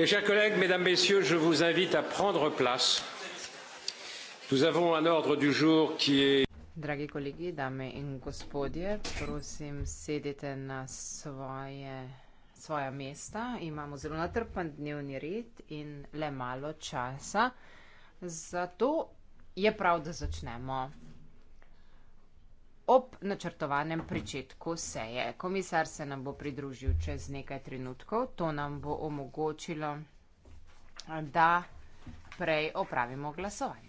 Mes chers collègues, Mesdames, Messieurs, je vous invite à prendre place. Nous avons un ordre du jour qui est. Dragi kolegi, dame in gospodje, prosim, sedite na svoje, svoja mesta. Imamo zelo natrpan dnevni red in le malo časa. Zato je prav, da začnemo ob načrtovanem pričetku seje. Komisar se nam bo pridružil čez nekaj trenutkov. To nam bo omogočilo, da prej opravimo glasovanje.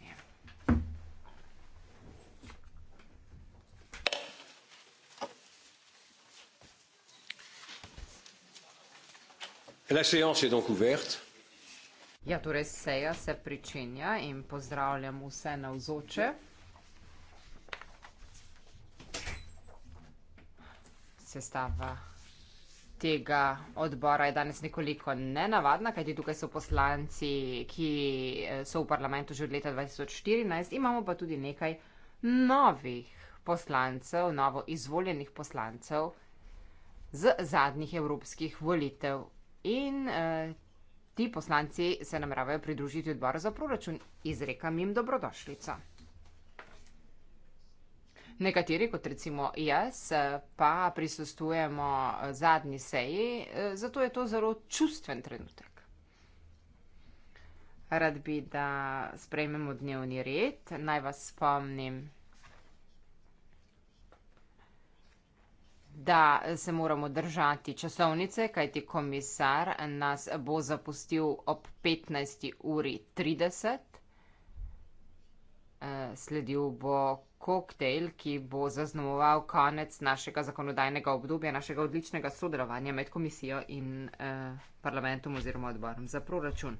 La séance est donc ouverte. Ja, torej seja se pričenja in pozdravljam vse navzoče. Ja. sestava tega odbora je danes nekoliko nenavadna, kajti tukaj so poslanci, ki eh, so v parlamentu že od leta 2014, imamo pa tudi nekaj novih poslancev, novo izvoljenih poslancev z zadnjih evropskih volitev. In eh, ti poslanci se nameravajo pridružiti odboru za proračun. Izrekam jim dobrodošlico. Nekateri, kot recimo jaz, pa prisustujemo eh, zadnji seji, eh, zato je to zelo čustven trenutek. Rad bi, da sprejmemo dnevni red. Naj vas spomnim, da se moramo držati časovnice, kajti komisar nas bo zapustil ob 15.30 uri. 30. Eh, sledil bo koktejl, ki bo zaznamoval konec našega zakonodajnega obdobja, našega odličnega sodelovanja med komisijo in eh, parlamentom oziroma odborom za proračun.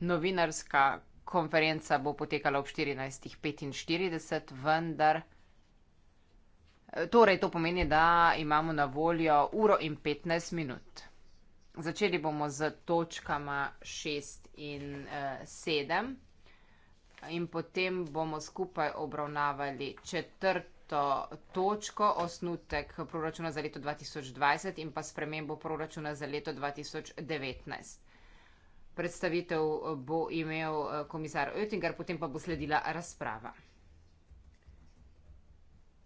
Novinarska konferenca bo potekala ob 14.45, vendar. Eh, torej, to pomeni, da imamo na voljo uro in 15 minut. Začeli bomo z točkama 6 in 7. Eh, in potem bomo skupaj obravnavali četrto točko, osnutek proračuna za leto 2020 in pa spremembo proračuna za leto 2019. Predstavitev bo imel eh, komisar Oettinger, potem pa bo sledila razprava.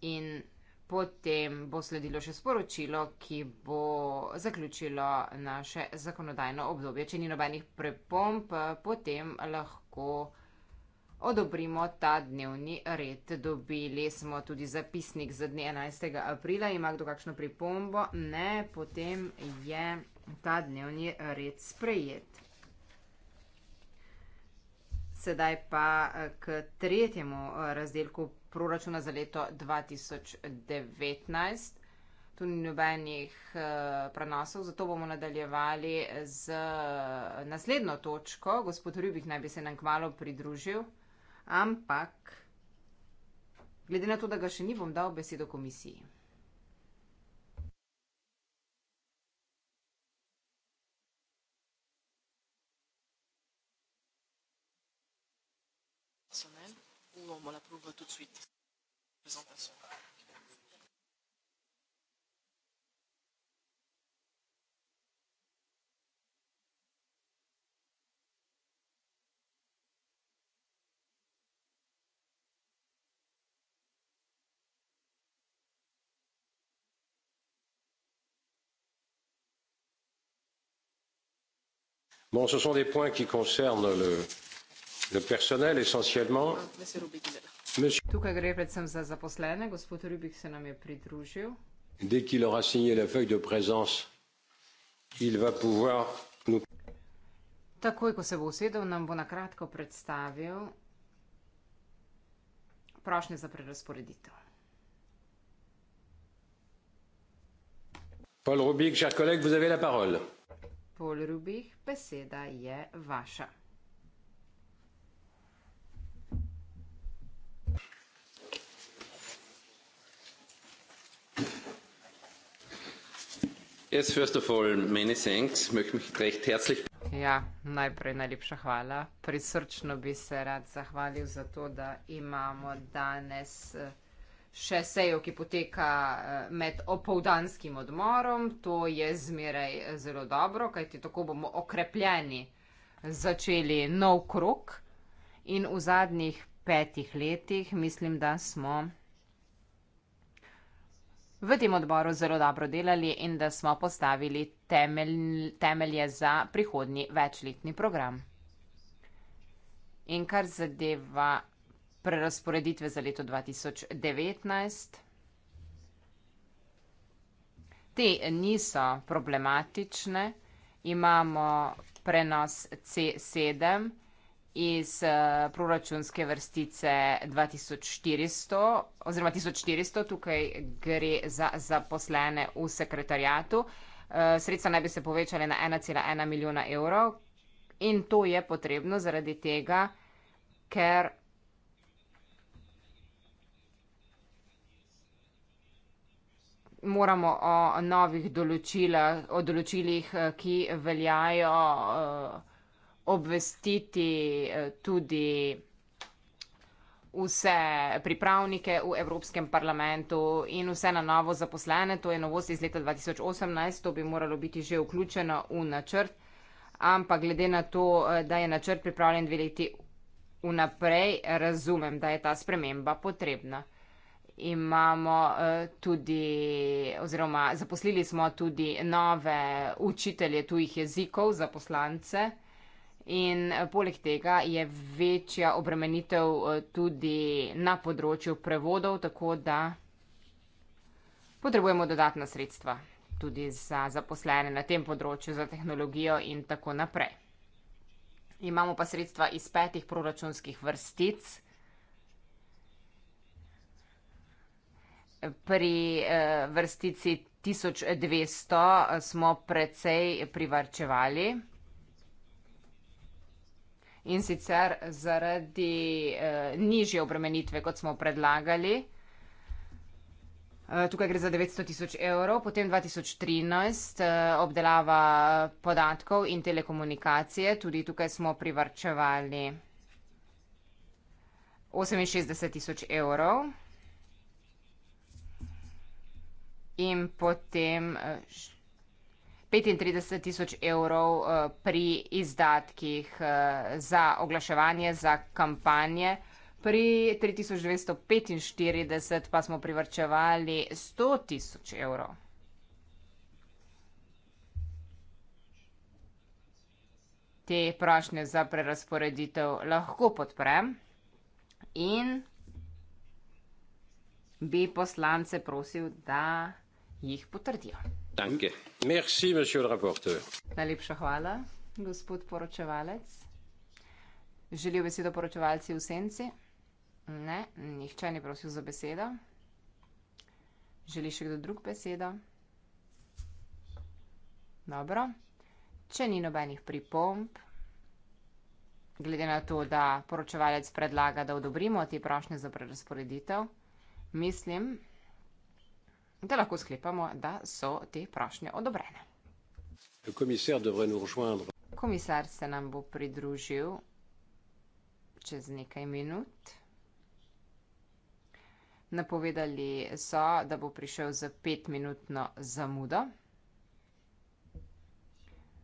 In potem bo sledilo še sporočilo, ki bo zaključilo naše zakonodajno obdobje. Če ni nobenih prepomp, eh, potem lahko odobrimo ta dnevni red. Dobili smo tudi zapisnik za dne 11. aprila. Ima kdo kakšno pripombo? Ne, potem je ta dnevni red sprejet. Sedaj pa k tretjemu razdelku proračuna za leto 2019. Tu ni nobenih eh, prenosov, zato bomo nadaljevali z naslednjo točko. Gospod Rubik naj bi se nam kmalo pridružil ampak glede na to, da ga še ni, bom dal besedo komisiji. Nous avons la preuve tout de suite. Présentation. Bon, ce sont des points qui concernent le, le personnel essentiellement. Ah, monsieur... Dès qu'il aura signé la feuille de présence, il va pouvoir nous. Takoj, ko se bo usedel, nam bo na kratko predstavil prošnje za prerasporeditev. Paul Rubik, cher collègue, vous avez la parole. Paul Rubik, Beseda je vaša. Ja, najprej najlepša hvala. Prisrčno bi se rad zahvalil za to, da imamo danes. Uh, še sejo, ki poteka eh, med opoldanskim odmorom. To je zmeraj eh, zelo dobro, kajti tako bomo okrepljeni začeli nov krok. In v zadnjih petih letih mislim, da smo v tem odboru zelo dobro delali in da smo postavili temelj, temelje za prihodnji večletni program. In kar zadeva prerasporeditve za leto 2019. Te niso problematične. Imamo prenos C7 iz eh, proračunske vrstice 2400 oziroma 1400, tukaj gre za zaposlene v sekretarijatu. Eh, sredstva naj bi se povečale na 1,1 milijona evrov in to je potrebno zaradi tega, ker moramo o novih določilah, o določilih, eh, ki veljajo, eh, obvestiti eh, tudi vse pripravnike v Evropskem parlamentu in vse na novo zaposlene. To je novost iz leta 2018, to bi moralo biti že vključeno v načrt, ampak glede na to, da je načrt pripravljen dve leti vnaprej, razumem, da je ta sprememba potrebna imamo uh, tudi, oziroma zaposlili smo tudi nove učitelje tujih jezikov za poslance. In eh, poleg tega je večja obremenitev eh, tudi na področju prevodov, tako da potrebujemo dodatna sredstva tudi za zaposlene na tem področju, za tehnologijo in tako naprej. Imamo pa sredstva iz petih proračunskih vrstic. pri eh, vrstici 1200 eh, smo precej privarčevali. In sicer zaradi eh, nižje obremenitve, kot smo predlagali. Eh, tukaj gre za 900 tisoč evrov, potem 2013 eh, obdelava podatkov in telekomunikacije, tudi tukaj smo privarčevali 68 tisoč evrov. in potem 35 eh, tisoč evrov eh, pri izdatkih eh, za oglaševanje, za kampanje. Pri 3245 pa smo privrčevali 100 tisoč evrov. Te prošnje za prerasporeditev lahko podprem in bi poslance prosil, da jih potrdijo. Merci, Najlepša hvala, gospod poročevalec. Želijo besedo poročevalci v senci? Ne, nihče ni prosil za besedo. Želi še kdo drug besedo? Dobro. Če ni nobenih pripomb, glede na to, da poročevalec predlaga, da odobrimo te prošnje za prerasporeditev, mislim, da lahko sklepamo, da so te prošnje odobrene. Komisar se nam bo pridružil čez nekaj minut. Napovedali so, da bo prišel za petminutno zamudo.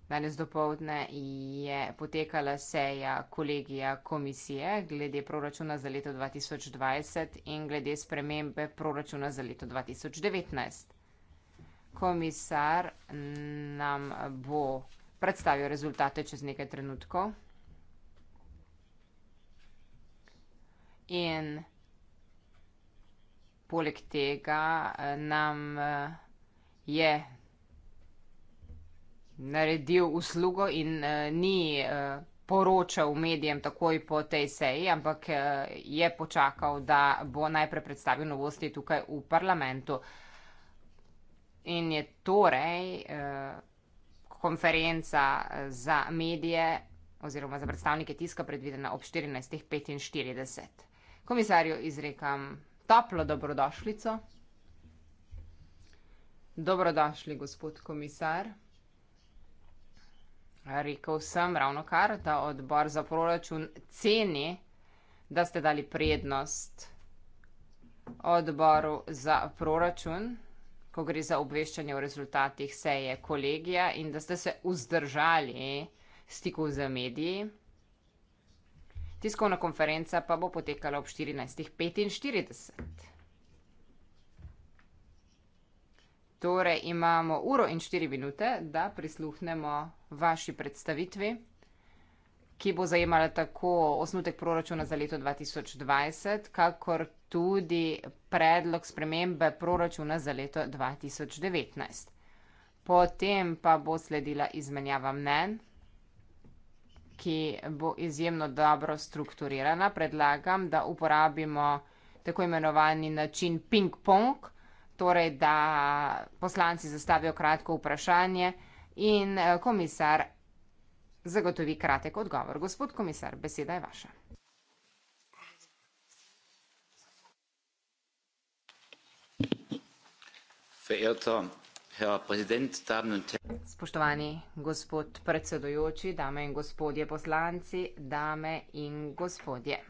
Danes dopoledne je potekala seja kolegija komisije glede proračuna za leto 2020 in glede spremembe proračuna za leto 2019. Komisar nam bo predstavil rezultate čez nekaj trenutkov. In poleg tega eh, nam eh, je naredil uslugo in uh, ni uh, poročal medijem takoj po tej seji, ampak uh, je počakal, da bo najprej predstavil novosti tukaj v parlamentu. In je torej uh, konferenca za medije oziroma za predstavnike tiska predvidena ob 14.45. Komisarju izrekam toplo dobrodošlico. Dobrodošli, gospod komisar. Rekl sem ravno kar, da odbor za proračun ceni, da ste dali prednost odboru za proračun, ko gre za obveščanje o rezultatih seje kolegija in da ste se vzdržali stiku z mediji. Tiskovna konferenca pa bo potekala ob 14.45. Torej imamo uro in štiri minute, da prisluhnemo vaši predstavitvi, ki bo zajemala tako osnutek proračuna za leto 2020, kakor tudi predlog spremembe proračuna za leto 2019. Potem pa bo sledila izmenjava mnen, ki bo izjemno dobro strukturirana. Predlagam, da uporabimo tako imenovani način ping-pong, torej da poslanci zastavijo kratko vprašanje in eh, komisar zagotovi kratek odgovor. Gospod komisar, beseda je vaša. Spoštovani gospod predsedujoči, dame in gospodje poslanci, dame in gospodje.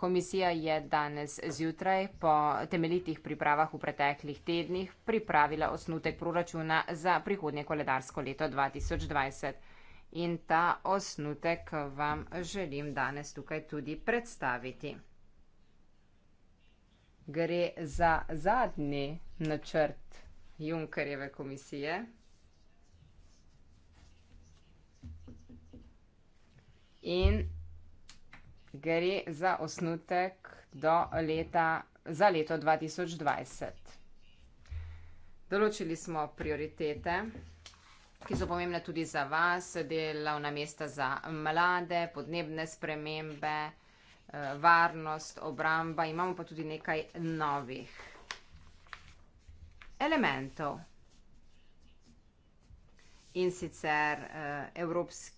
Komisija je danes zjutraj po temeljitih pripravah v preteklih tednih pripravila osnutek proračuna za prihodnje koledarsko leto 2020. In ta osnutek vam želim danes tukaj tudi predstaviti. Gre za zadnji načrt Junkerjeve komisije. In gre za osnutek leta, za leto 2020. Določili smo prioritete, ki so pomembne tudi za vas, delovna mesta za mlade, podnebne spremembe, eh, varnost, obramba, imamo pa tudi nekaj novih elementov. In sicer eh, evropski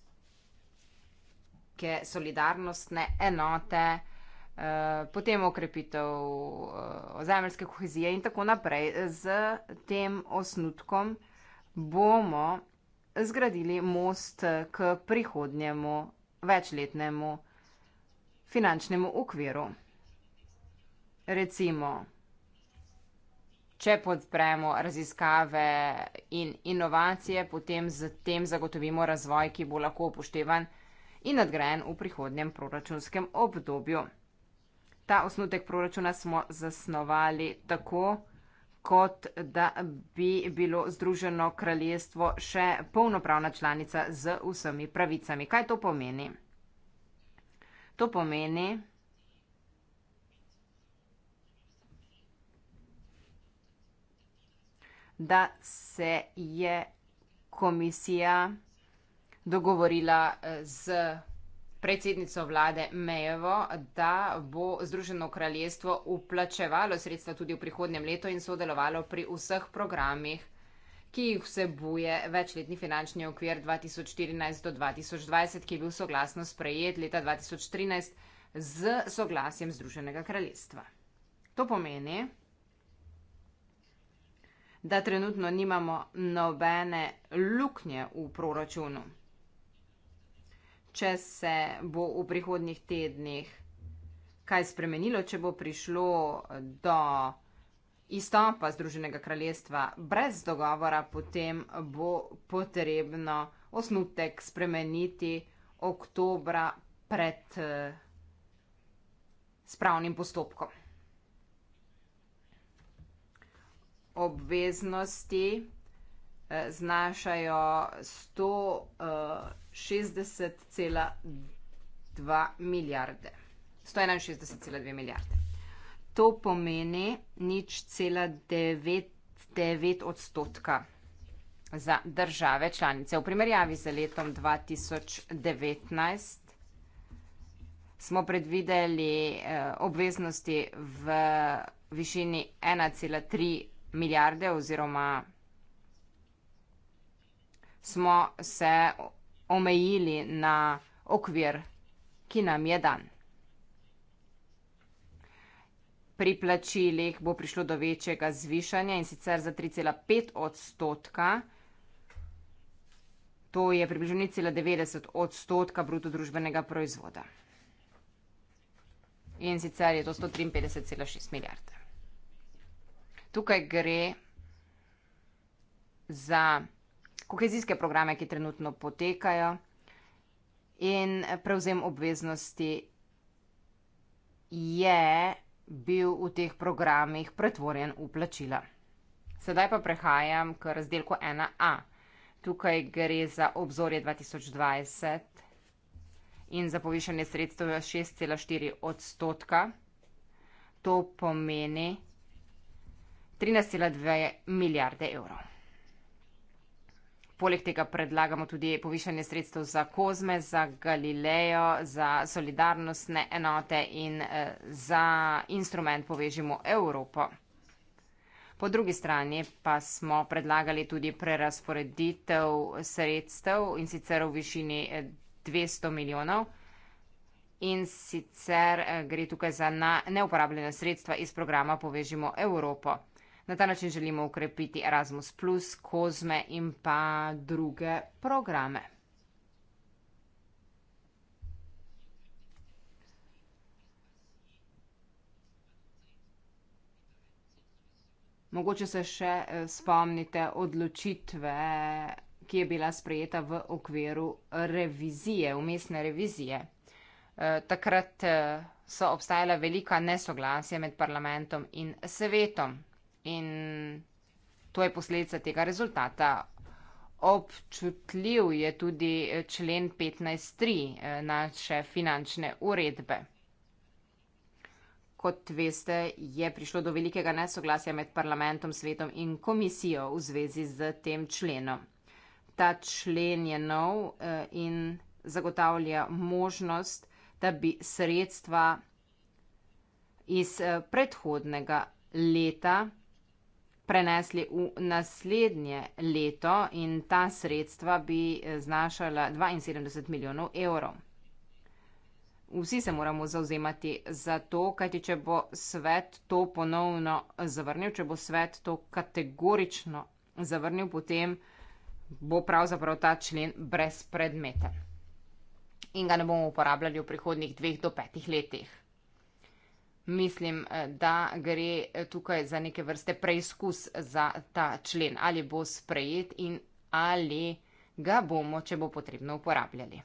neke solidarnostne enote, eh, potem okrepitev eh, ozemeljske kohezije in tako naprej. Z tem osnutkom bomo zgradili most k prihodnjemu večletnemu finančnemu okviru. Recimo, če podpremo raziskave in inovacije, potem z tem zagotovimo razvoj, ki bo lahko upoštevan in nadgrajen v prihodnjem proračunskem obdobju. Ta osnutek proračuna smo zasnovali tako, kot da bi bilo Združeno kraljestvo še polnopravna članica z vsemi pravicami. Kaj to pomeni? To pomeni, da se je komisija dogovorila eh, z predsednico vlade Mejevo, da bo Združeno kraljestvo uplačevalo sredstva tudi v prihodnjem letu in sodelovalo pri vseh programih, ki jih vsebuje večletni finančni okvir 2014 do 2020, ki je bil soglasno sprejet leta 2013 z soglasjem Združenega kraljestva. To pomeni, da trenutno nimamo nobene luknje v proračunu če se bo v prihodnjih tednih kaj spremenilo, če bo prišlo do izstopa Združenega kraljestva brez dogovora, potem bo potrebno osnutek spremeniti oktobra pred eh, spravnim postopkom. Obveznosti eh, znašajo 100 eh, 61,2 milijarde. 161,2 milijarde. To pomeni nič cela 99 odstotka za države članice. V primerjavi z letom 2019 smo predvideli eh, obveznosti v višini 1,3 milijarde oziroma smo se omejili na okvir, ki nam je dan. Pri plačilih bo prišlo do večjega zvišanja in sicer za 3,5 odstotka, to je približno 0,90 odstotka bruto družbenega proizvoda. In sicer je to 153,6 milijarde. Tukaj gre za kohezijske programe, ki trenutno potekajo, in prevzem obveznosti je bil v teh programih pretvorjen v plačila. Sedaj pa prehajam k razdelku 1a. Tukaj gre za obzorje 2020 in za povišanje sredstev 6,4 odstotka. To pomeni 13,2 milijarde evrov. Poleg tega predlagamo tudi povišanje sredstev za Kozme, za Galilejo, za solidarnostne enote in eh, za instrument Povežimo Evropo. Po drugi strani pa smo predlagali tudi prerasporeditev sredstev in sicer v višini 200 eh, milijonov. In sicer eh, gre tukaj za neuporabljena sredstva iz programa Povežimo Evropo. Na ta način želimo ukrepiti Erasmus, Kozme in pa druge programe. Mogoče se še eh, spomnite odločitve, ki je bila sprejeta v okviru revizije, umestne revizije. Eh, takrat eh, so obstajala velika nesoglasja med parlamentom in svetom in to je posledica tega rezultata. Občutljiv je tudi člen 15.3 eh, naše finančne uredbe. Kot veste, je prišlo do velikega nesoglasja med parlamentom, svetom in komisijo v zvezi z tem členom. Ta člen je nov eh, in zagotavlja možnost, da bi sredstva iz eh, predhodnega leta prenesli v naslednje leto in ta sredstva bi eh, znašala 72 milijonov evrov. Vsi se moramo zauzemati za to, kajti če bo svet to ponovno zavrnil, če bo svet to kategorično zavrnil, potem bo pravzaprav ta člen brez predmeta in ga ne bomo uporabljali v prihodnjih dveh do petih letih. Mislim, eh, da gre eh, tukaj za neke vrste preizkus za ta člen, ali bo sprejet in ali ga bomo, če bo potrebno, uporabljali.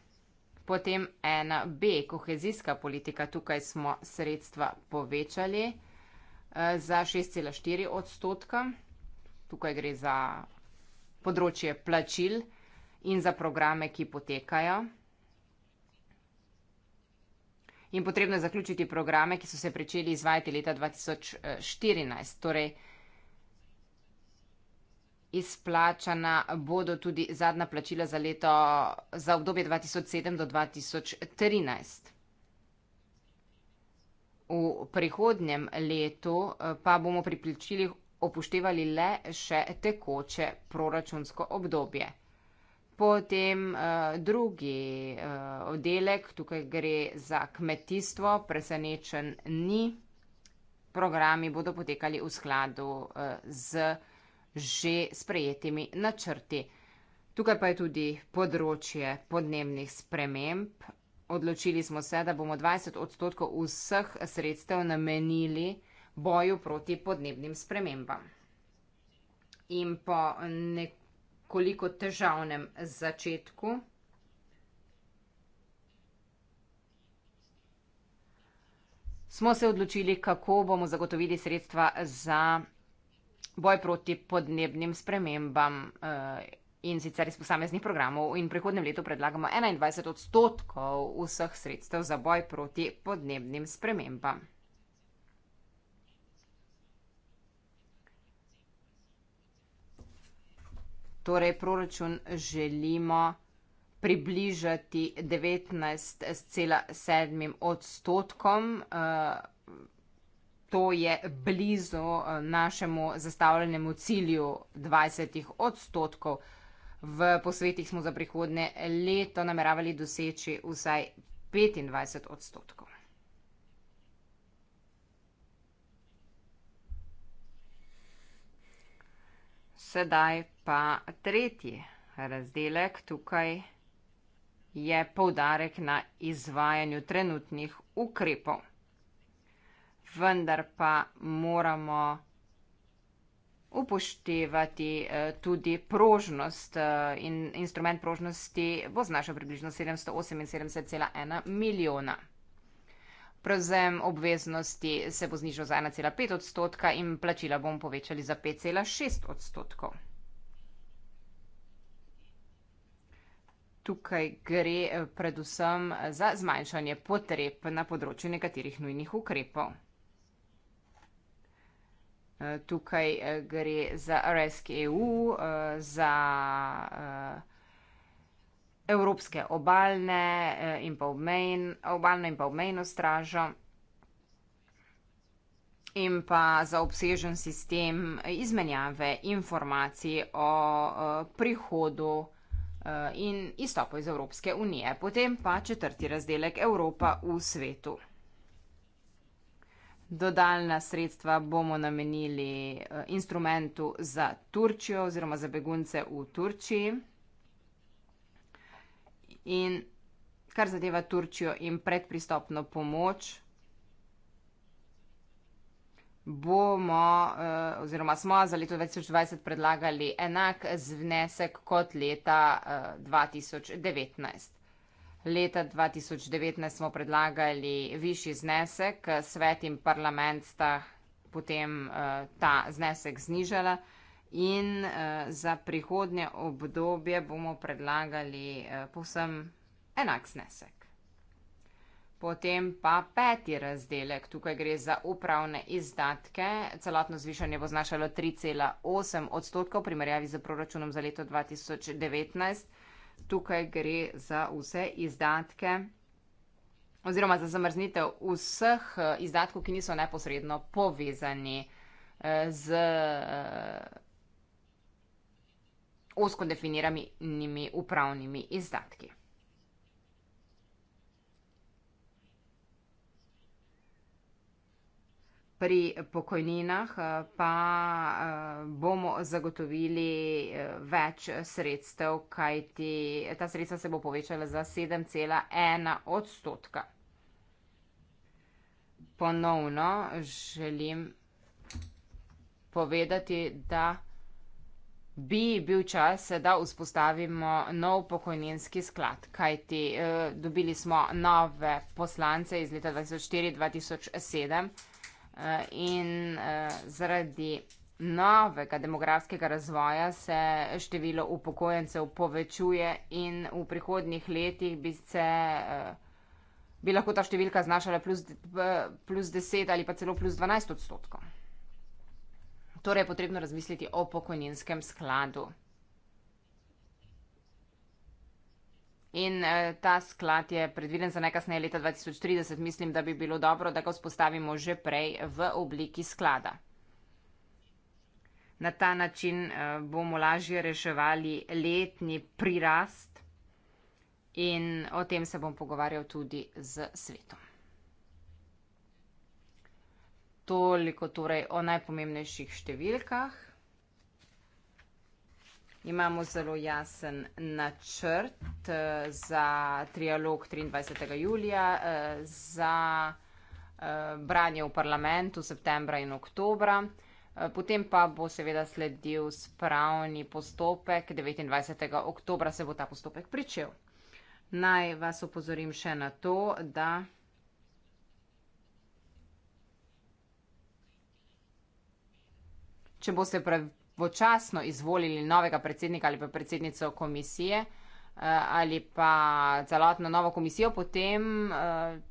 Potem ena B, kohezijska politika, tukaj smo sredstva povečali eh, za 6,4 odstotka. Tukaj gre za področje plačil in za programe, ki potekajo in potrebno je zaključiti programe, ki so se začeli izvajati leta 2014. Eh, torej, Izplačana bodo tudi zadnja plačila za leto, za obdobje 2007 do 2013. V prihodnjem letu eh, pa bomo pri plačilih upoštevali le še tekoče proračunsko obdobje. Potem uh, drugi uh, oddelek, tukaj gre za kmetijstvo, presenečen ni. Programi bodo potekali v skladu uh, z že sprejetimi načrti. Tukaj pa je tudi področje podnebnih sprememb. Odločili smo se, da bomo 20 odstotkov vseh sredstev namenili boju proti podnebnim spremembam. In po nekaj koliko težavnem začetku. Smo se odločili, kako bomo zagotovili sredstva za boj proti podnebnim spremembam eh, in sicer iz posameznih programov in prihodnem letu predlagamo 21 odstotkov vseh sredstev za boj proti podnebnim spremembam. Torej, proračun želimo približati 19,7 odstotkom. Eh, to je blizu eh, našemu zastavljenemu cilju 20 odstotkov. V posvetih smo za prihodne leto nameravali doseči vsaj 25 odstotkov. Sedaj pa tretji razdelek tukaj je povdarek na izvajanju trenutnih ukrepov. Vendar pa moramo upoštevati eh, tudi prožnost eh, in instrument prožnosti bo znašal približno 778,1 milijona. Prevzem obveznosti se bo znižal za 1,5 odstotka in plačila bomo povečali za 5,6 odstotkov. tukaj gre eh, predvsem eh, za zmanjšanje potreb na področju nekaterih nujnih ukrepov. Eh, tukaj gre za RSK EU, za evropske obalne in pa obmejn, obalno in pa obmejno stražo in pa za obsežen sistem izmenjave informacij o prihodu Eh, in izstopu iz Evropske unije, potem pa četrti razdelek Evropa v svetu. Dodaljna sredstva bomo namenili eh, instrumentu za Turčijo oziroma za begunce v Turčiji. In kar zadeva Turčijo in predpristopno pomoč, bomo eh, oziroma smo za leto 2020 predlagali enak znesek kot leta 2019. Eh, leta 2019 smo predlagali višji znesek, svet in parlament sta potem eh, ta znesek znižala in za prihodnje obdobje bomo predlagali povsem enak znesek. Potem pa peti razdelek. Tukaj gre za upravne izdatke. Celotno zvišanje bo znašalo 3,8 odstotkov v primerjavi z proračunom za leto 2019. Tukaj gre za vse izdatke oziroma za zamrznitev vseh eh, izdatkov, ki niso neposredno povezani eh, z eh, osko definiranimi upravnimi izdatki. Pri pokojninah eh, pa eh, bomo zagotovili eh, več sredstev, kajti ta sredstva se bo povečala za 7,1 odstotka. Ponovno želim povedati, da bi bil čas, da vzpostavimo nov pokojninski sklad, kajti dobili smo nove poslance iz leta 2004-2007. Eh, in eh, zaradi novega demografskega razvoja se število upokojencev povečuje in v prihodnjih letih bi se eh, bi lahko ta številka znašala plus, plus 10 ali pa celo plus 12 odstotkov. Torej je potrebno razmisliti o pokojninskem skladu. In eh, ta sklad je predviden za najkasneje leta 2030. Mislim, da bi bilo dobro, da ga vzpostavimo že prej v obliki sklada. Na ta način eh, bomo lažje reševali letni prirast in o tem se bom pogovarjal tudi z svetom. Toliko torej o najpomembnejših številkah. Imamo zelo jasen načrt eh, za trialog 23. julija, eh, za eh, branje v parlamentu septembra in oktobra. Potem pa bo seveda sledil spravni postopek. 29. oktobra se bo ta postopek pričel. Naj vas opozorim še na to, da. Če boste počasno izvolili novega predsednika ali pa predsednico komisije eh, ali pa celotno novo komisijo, potem eh,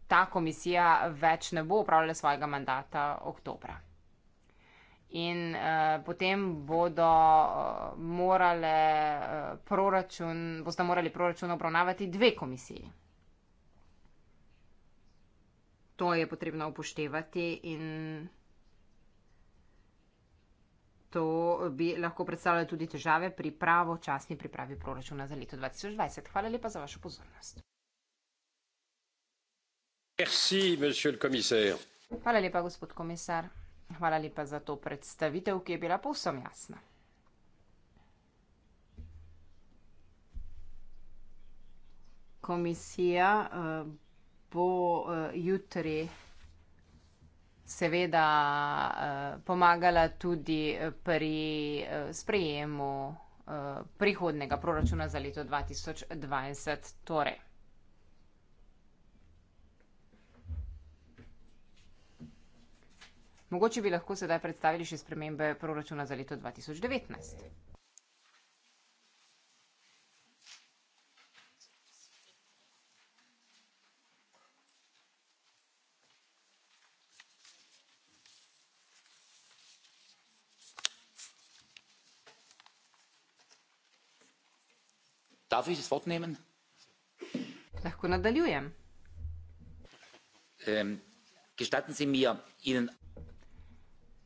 ta komisija več ne bo upravljala svojega mandata oktobra. In eh, potem bodo eh, morale proračun, boste morali proračun obravnavati dve komisiji. To je potrebno upoštevati in to bi lahko predstavljalo tudi težave pri pravočasni pripravi proračuna za leto 2020. Hvala lepa za vašo pozornost. Merci, Hvala lepa, gospod komisar. Hvala lepa za to predstavitev, ki je bila povsem jasna. Komisija uh, bo uh, jutri seveda eh, pomagala tudi pri eh, sprejemu eh, prihodnega proračuna za leto 2020. Torej. Mogoče bi lahko sedaj predstavili še spremembe proračuna za leto 2019. Darf ich das Wort nehmen? Lahko nadaljujem. Ähm, gestatten Sie mir Ihnen.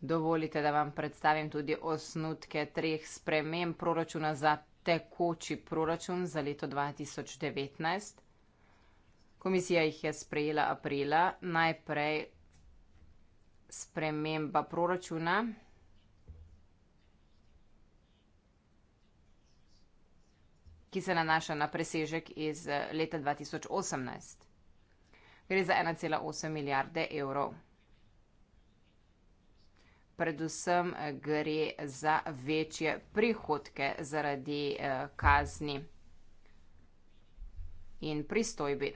Dovolite, da vam predstavim tudi osnutke treh sprememb proračuna za tekoči proračun za leto 2019. Komisija jih je sprejela aprila. Najprej sprememba proračuna ki se nanaša na presežek iz eh, leta 2018. Gre za 1,8 milijarde evrov. Predvsem eh, gre za večje prihodke zaradi eh, kazni in pristojbi.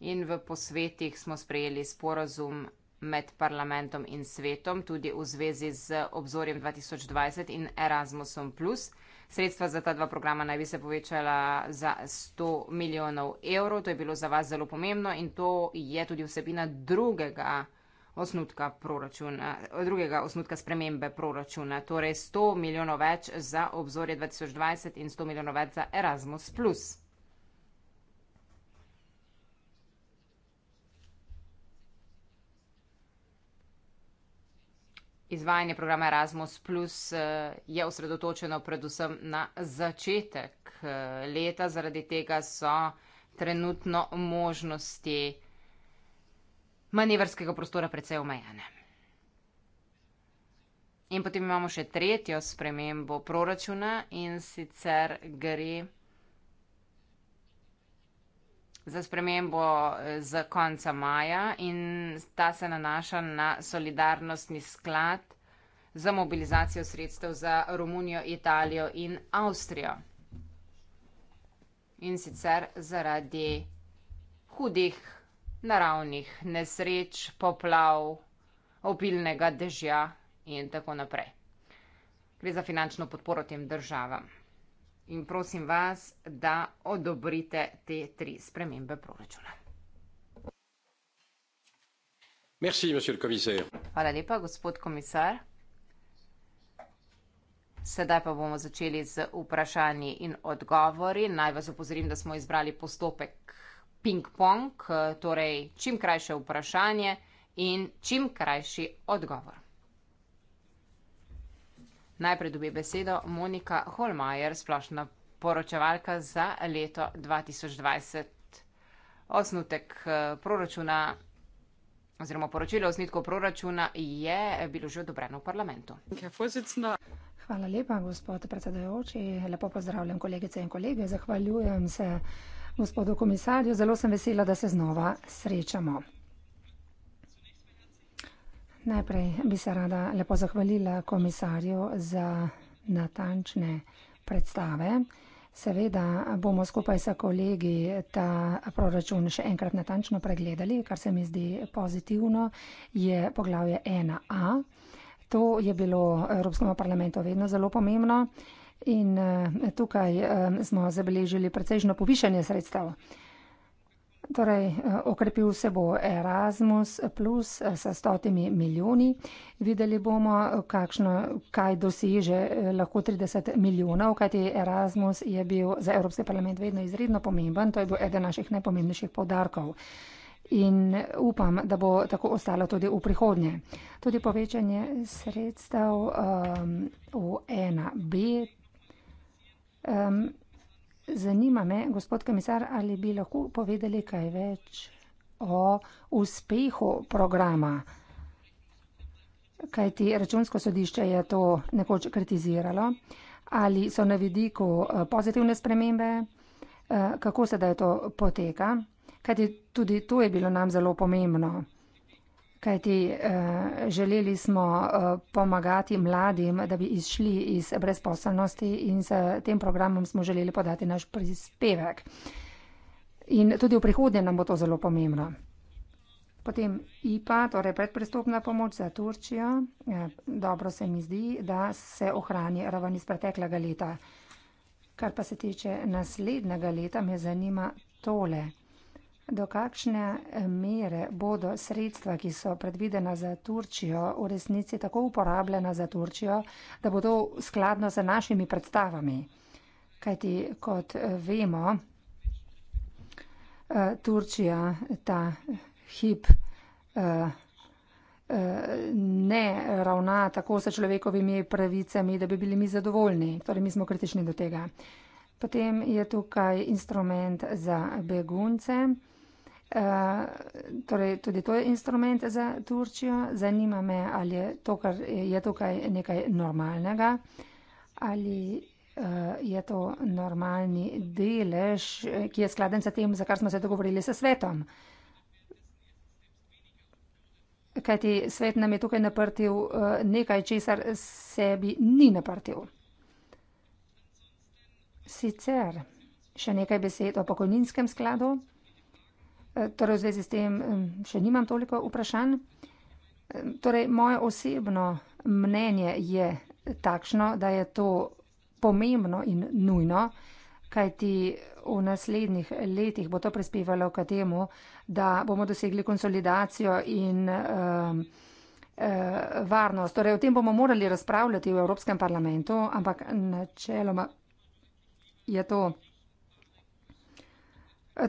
In v posvetih smo sprejeli sporozum med parlamentom in svetom, tudi v zvezi z obzorjem 2020 in Erasmusom. Sredstva za ta dva programa naj bi se povečala za 100 milijonov evrov. To je bilo za vas zelo pomembno in to je tudi vsebina drugega osnutka proračuna, drugega osnutka spremembe proračuna. Torej 100 milijonov več za obzorje 2020 in 100 milijonov več za Erasmus. Izvajanje programa Erasmus Plus eh, je osredotočeno predvsem na začetek eh, leta, zaradi tega so trenutno možnosti manevrskega prostora precej omejene. In potem imamo še tretjo spremembo proračuna in sicer gre za spremembo eh, z konca maja in ta se nanaša na solidarnostni sklad za mobilizacijo sredstev za Romunijo, Italijo in Avstrijo. In sicer zaradi hudih naravnih nesreč, poplav, obilnega dežja in tako naprej. Gre za finančno podporo tem državam in prosim vas, da odobrite te tri spremembe proračuna. Merci, Hvala lepa, gospod komisar. Sedaj pa bomo začeli z vprašanji in odgovori. Naj vas opozorim, da smo izbrali postopek ping-pong, torej čim krajše vprašanje in čim krajši odgovor. Najprej dobi besedo Monika Holmajer, splošna poročevalka za leto 2020. Osnutek eh, proračuna oziroma poročilo o snitku proračuna je bilo že odobreno v parlamentu. Hvala lepa, gospod predsedajoči. Lepo pozdravljam kolegice in kolege. Zahvaljujem se gospodu komisarju. Zelo sem vesela, da se znova srečamo. Najprej bi se rada lepo zahvalila komisarju za natančne predstave. Seveda bomo skupaj s kolegi ta proračun še enkrat natančno pregledali, kar se mi zdi pozitivno, je poglavje 1a. To je bilo Evropskemu parlamentu vedno zelo pomembno in eh, tukaj eh, smo zabeležili precejšno povišanje sredstev. Torej, eh, okrepil se bo Erasmus plus eh, s stotimi milijoni. Videli bomo, eh, kakšno, kaj dosiže lahko 30 milijonov, kajti Erasmus je bil za Evropski parlament vedno izredno pomemben. To je bil eden naših najpomembnejših podarkov. In upam, da bo tako ostalo tudi v prihodnje. Tudi povečanje sredstev um, v 1B. Um, Zanima me, gospod komisar, ali bi lahko povedali kaj več o uspehu programa. Kaj ti računsko sodišče je to nekoč kritiziralo? Ali so na vidiku eh, pozitivne spremembe? Eh, kako se da je to poteka? Kaj ti tudi to je bilo nam zelo pomembno? Kajti eh, želeli smo eh, pomagati mladim, da bi izšli iz brezposelnosti in s tem programom smo želeli podati naš prispevek. In tudi v prihodnje nam bo to zelo pomembno. Potem IPA, torej predpristopna pomoč za Turčijo. Ja, dobro se mi zdi, da se ohrani raven iz preteklega leta. Kar pa se tiče naslednjega leta, me zanima tole. Do kakšne eh, mere bodo sredstva, ki so predvidena za Turčijo, v resnici tako uporabljena za Turčijo, da bodo skladno z našimi predstavami? Kajti, kot eh, vemo, eh, Turčija ta hip ne ravna tako s človekovimi pravicami, da bi bili mi zadovoljni. Torej, mi smo kritični do tega. Potem je tukaj instrument za begunce. Eh, torej tudi to je instrument za Turčijo. Zanima me, ali je to, kar je tukaj, nekaj normalnega, ali uh, je to normalni delež, eh, ki je skladen za tem, za kar smo se dogovorili s svetom. Kajti svet nam je tukaj naprtil uh, nekaj, česar sebi ni naprtil. Sicer še nekaj besed o pokojninskem skladu. Eh, torej, v zvezi s tem še nimam toliko vprašanj. Torej, moje osebno mnenje je takšno, da je to pomembno in nujno, kajti v naslednjih letih bo to prispevalo k temu, da bomo dosegli konsolidacijo in eh, varnost. Torej, o tem bomo morali razpravljati v Evropskem parlamentu, ampak načeloma je to.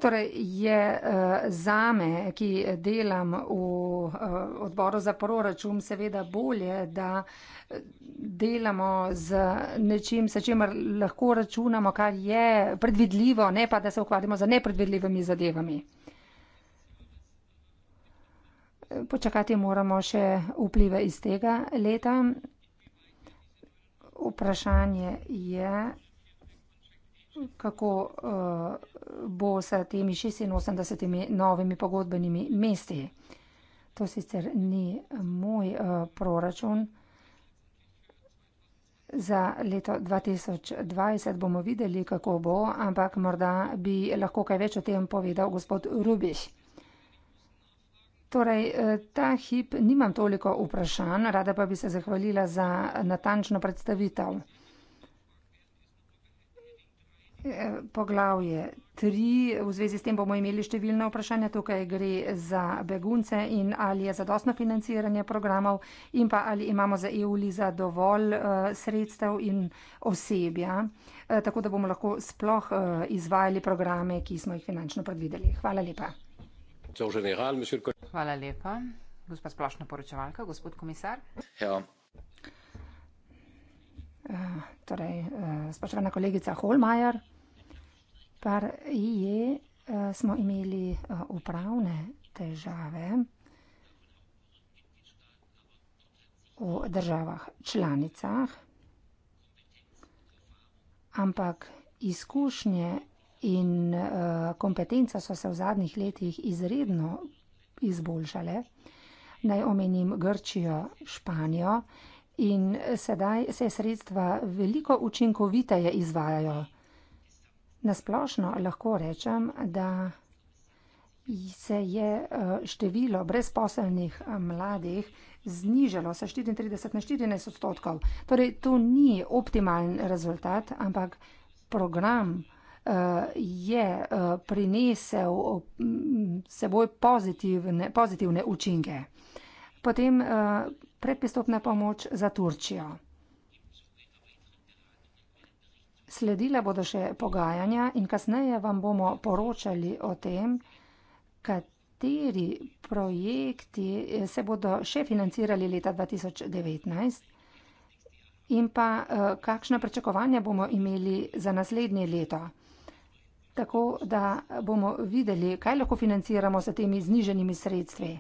Torej je eh, zame, ki delam v eh, odboru za proračun, seveda bolje, da eh, delamo z nečim, s čimer lahko računamo, kar je predvidljivo, ne pa da se ukvarjamo z nepredvidljivimi zadevami. Počakati moramo še vplive iz tega leta. Vprašanje je kako uh, bo s temi 86 novimi pogodbenimi mesti. To sicer ni eh, moj uh, proračun. Za leto 2020 bomo videli, kako bo, ampak morda bi lahko kaj več o tem povedal gospod Rubiš. Torej, ta hip nimam toliko vprašanj, rada pa bi se zahvalila za natančno predstavitev. Eh, poglavje tri. V zvezi s tem bomo imeli številne vprašanja. Tukaj gre za begunce in ali je zadostno financiranje programov in pa ali imamo za EU-li za dovolj eh, sredstev in osebja, eh, tako da bomo lahko sploh izvajali programe, ki smo jih finančno predvideli. Hvala lepa. Hvala lepa. Gospa splošna poročevalka, gospod komisar. Ja. Eh, torej, eh, spoštovana kolegica Holmajer, par je, eh, smo imeli upravne težave v državah članicah, ampak izkušnje in kompetence so se v zadnjih letih izredno izboljšale. Naj omenim Grčijo, Španijo, in sedaj se sredstva veliko učinkoviteje izvajajo. Nasplošno lahko rečem, da se je eh, število brezposelnih eh, mladih znižalo sa 34 na 14 odstotkov. Torej, to ni optimalen rezultat, ampak program eh, je prinesel mm, seboj pozitivne, pozitivne učinke. Potem predpristopna pomoč za Turčijo. Sledila bodo še pogajanja in kasneje vam bomo poročali o tem, kateri projekti eh, se bodo še financirali leta 2019 in pa eh, kakšna pričakovanja bomo imeli za naslednje leto. Tako da bomo videli, kaj lahko financiramo s temi zniženimi sredstvi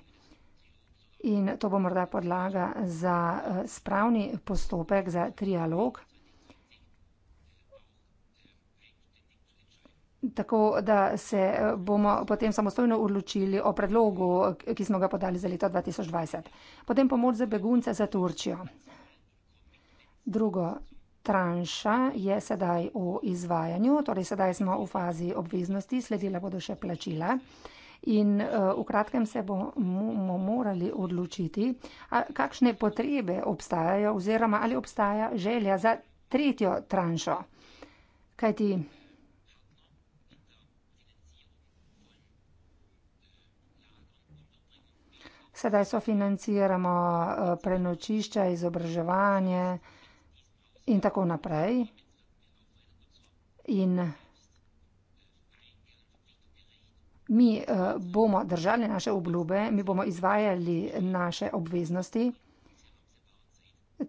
in to bo morda podlaga za eh, spravni postopek, za trialog. Tako da se eh, bomo potem samostojno odločili o predlogu, ki smo ga podali za leto 2020. Potem pomoč za begunce za Turčijo. Drugo tranša je sedaj v izvajanju, torej sedaj smo v fazi obveznosti, sledila bodo še plačila. In uh, v kratkem se bomo morali odločiti, a, kakšne potrebe obstajajo oziroma ali obstaja želja za tretjo tranšo. Kajti, Sedaj sofinanciramo eh, prenočišča, izobraževanje in tako naprej. In Mi eh, bomo držali naše obljube, mi bomo izvajali naše obveznosti.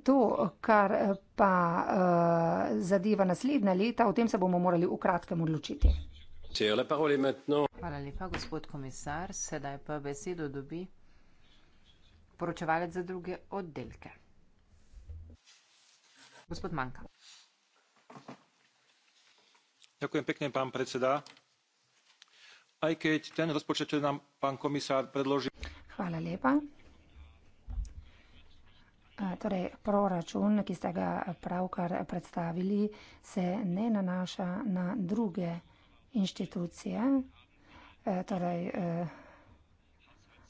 To, kar eh, pa eh, zadeva naslednja leta, o tem se bomo morali v kratkem odločiti. Hvala lepa, gospod komisar. Sedaj pa besedo dobi poročevalec za druge oddelke. Gospod Manka. Dziękuję pięknie, pan predseda aj keď ten rozpočet, čo nám pán komisár predloží. Hvala lepa. Torej, proračun, ki ste ga pravkar predstavili, se ne nanaša na druge inštitucije, e, torej, e,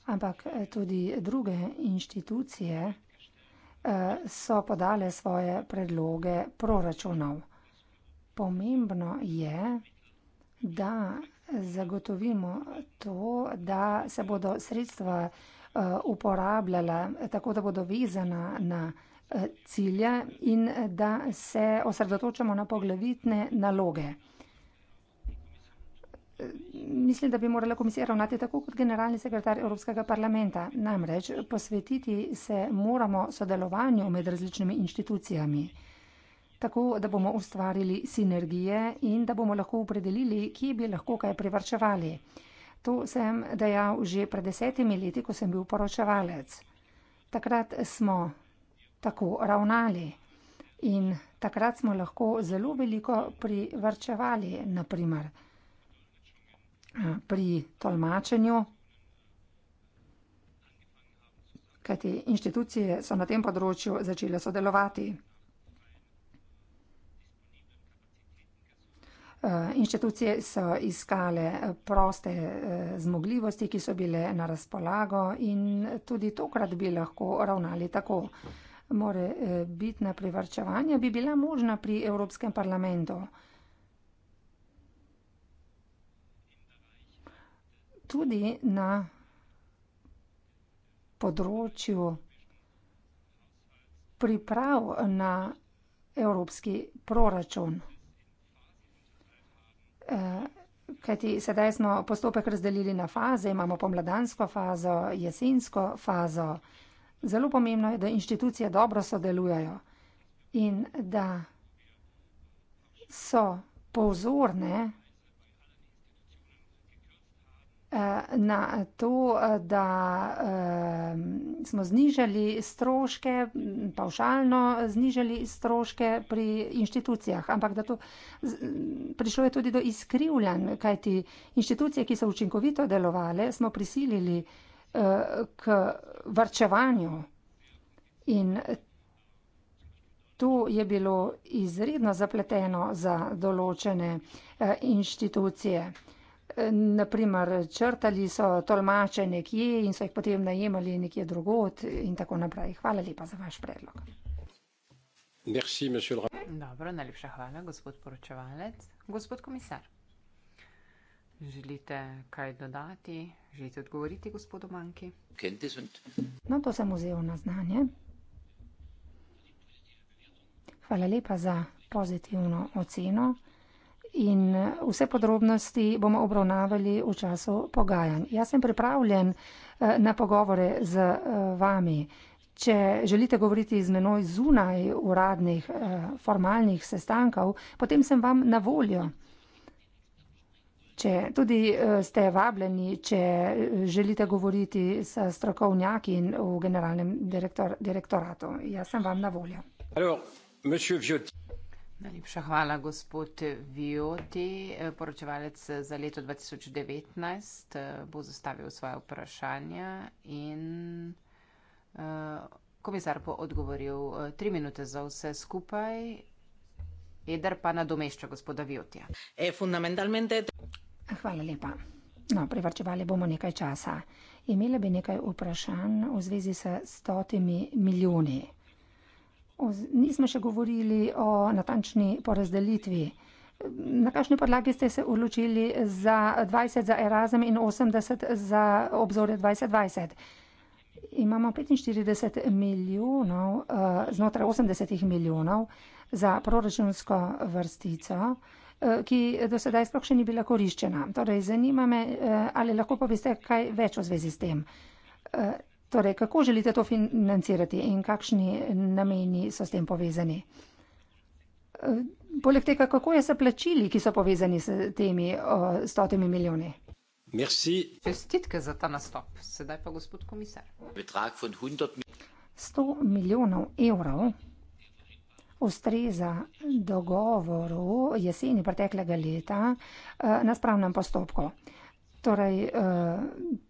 ampak tudi druge inštitucije e, so podale svoje predloge proračunov. Pomembno je, da zagotovimo to, da se bodo sredstva eh, uporabljala tako, da bodo vezana na eh, cilje in eh, da se osredotočamo na poglavitne naloge. Mislim, da bi morala komisija ravnati tako kot generalni sekretar Evropskega parlamenta. Namreč posvetiti se moramo sodelovanju med različnimi inštitucijami tako da bomo ustvarili sinergije in da bomo lahko opredelili, kje bi lahko kaj privrčevali. To sem dejal že pred desetimi leti, ko sem bil poročevalec. Takrat smo tako ravnali in takrat smo lahko zelo veliko privrčevali, naprimer pri tolmačenju. Kajti inštitucije so na tem področju začele sodelovati. Eh, inštitucije so iskale eh, proste eh, zmogljivosti, ki so bile na razpolago in tudi tokrat bi lahko ravnali tako. More biti na privrčevanje bi bila možna pri Evropskem parlamentu. Tudi na področju priprav na evropski proračun. Eh, kajti sedaj smo postopek razdelili na faze, imamo pomladansko fazo, jesensko fazo. Zelo pomembno je, da inštitucije dobro sodelujejo in da so pozorne na to, da ehm, smo znižali stroške, pavšalno znižali stroške pri inštitucijah, ampak da to prišlo je tudi do izkrivljanj, kajti inštitucije, ki so učinkovito delovale, smo prisilili eh, k vrčevanju. In to je bilo izredno zapleteno za določene eh, inštitucije na primer črtali so tolmače nekje in so jih potem najemali nekje drugod in tako naprej. Hvala lepa za vaš predlog. Merci, Dobro, najlepša hvala, gospod poročevalec. Gospod komisar, želite kaj dodati? Želite odgovoriti gospodu Manki? No, to sem vzel na znanje. Hvala lepa za pozitivno oceno in eh, vse podrobnosti bomo obravnavali v času pogajanj. Jaz sem pripravljen eh, na pogovore z eh, vami. Če želite govoriti z menoj zunaj uradnih formalnih sestankov, potem sem vam na voljo. Če tudi ste vabljeni, če želite govoriti s strokovnjaki v generalnem direktor, direktoratu, jaz sem vam na voljo. Alors, Najlepša hvala, gospod Vioti. Poročevalec za leto 2019 eh, bo zastavil svoje vprašanja in eh, komisar bo odgovoril eh, tri minute za vse skupaj. Eder pa nadomešča gospoda Viotija. Hvala lepa. No, privrčevali bomo nekaj časa. Imela bi nekaj vprašanj v zvezi s stotimi milijoni nismo še govorili o natančni porazdelitvi. Na kakšni podlagi ste se odločili za 20 za Erasmus in 80 za obzore 2020? Imamo 45 milijonov, eh, znotraj 80 milijonov za proračunsko vrstico, eh, ki do sedaj sploh še ni bila koriščena. Torej, zanima me, eh, ali lahko poveste kaj več v zvezi s tem. Torej, kako želite to financirati in kakšni nameni so s tem povezani? Poleg tega, kako je se plačili, ki so povezani s temi stotimi milijoni? Merci. Čestitke za ta nastop. Sedaj pa gospod komisar. 100 milijonov evrov ustreza dogovoru jeseni preteklega leta eh, na spravnem postopku. Torej, eh,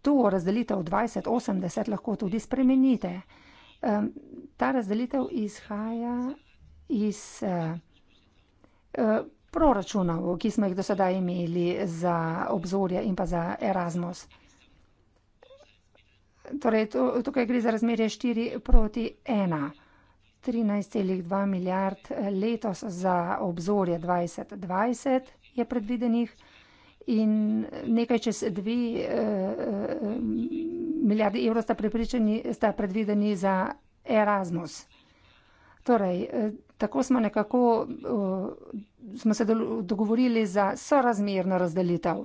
to razdelitev 20-80 lahko tudi spremenite. Ta razdelitev izhaja iz eh, eh, proračunov, ki smo jih do sedaj imeli za obzorje in pa za Erasmus. Torej, tukaj gre za razmerje 4 proti 1. 13,2 milijard letos za obzorje 2020 je predvidenih in nekaj čez dve eh, eh milijarde evrov sta, sta predvideni za Erasmus. Torej, eh, tako smo nekako eh, smo se dogovorili za sorazmerno razdelitev.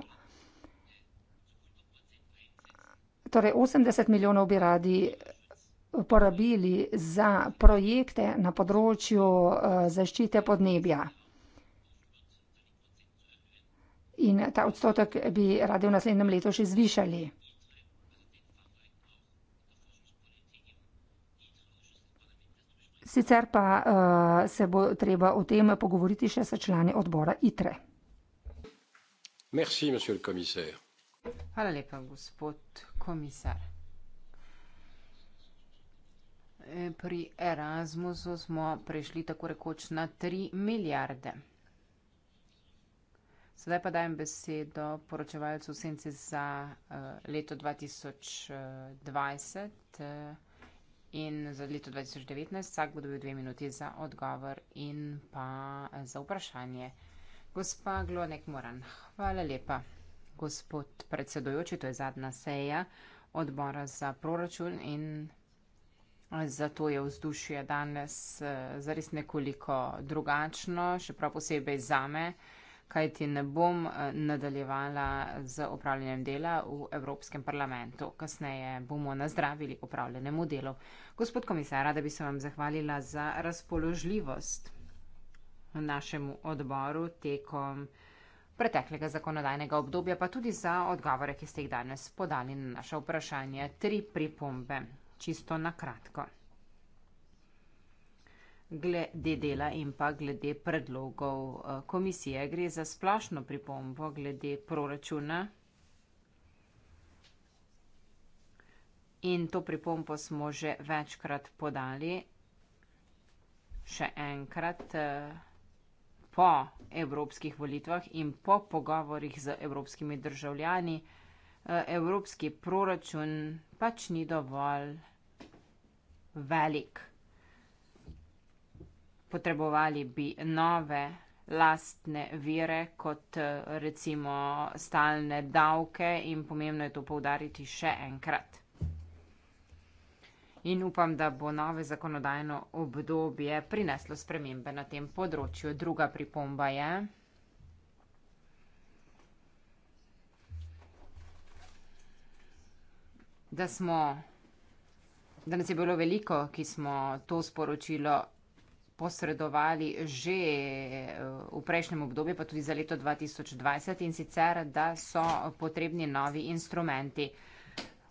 Torej, 80 milijonov bi radi eh, porabili za projekte na področju eh, zaščite podnebja in ta odstotek bi radi v naslednjem letu še zvišali. Sicer pa, eh, se bo treba o tem pogovoriti še s člani odbora ITRE. Hvala lepa, gospod komisar. Eh, pri Erasmusu smo prišli tako rekoč na tri milijarde. Sedaj pa dajem besedo poročevalcu Sence za uh, leto 2020 uh, eh, in za leto 2019. Vsak bo dobil dve minuti za odgovor in pa eh, za vprašanje. Gospa Glonek Moran, hvala lepa. Gospod predsedojoči, to je zadnja seja odbora za proračun in zato je vzdušje danes uh, zares nekoliko drugačno, še prav posebej zame. Uh, kajti ne bom eh, nadaljevala z upravljanjem dela v Evropskem parlamentu. Kasneje bomo nazdravili upravljenemu delu. Gospod komisar, rada bi se vam zahvalila za razpoložljivost v našemu odboru tekom preteklega zakonodajnega obdobja, pa tudi za odgovore, ki ste jih danes podali na naše vprašanje. Tri pripombe, čisto na kratko glede dela in pa glede predlogov eh, komisije. Gre za splošno pripombo glede proračuna. In to pripombo smo že večkrat podali, še enkrat eh, po evropskih volitvah in po pogovorjih z evropskimi državljani. Eh, evropski proračun pač ni dovolj velik potrebovali bi nove lastne vire, kot eh, recimo stalne davke in pomembno je to povdariti še enkrat. In upam, da bo nove zakonodajno obdobje prineslo spremembe na tem področju. Druga pripomba je, da smo, da nas je bilo veliko, ki smo to sporočilo posredovali že eh, v prejšnjem obdobju, pa tudi za leto 2020 in sicer, da so potrebni novi instrumenti.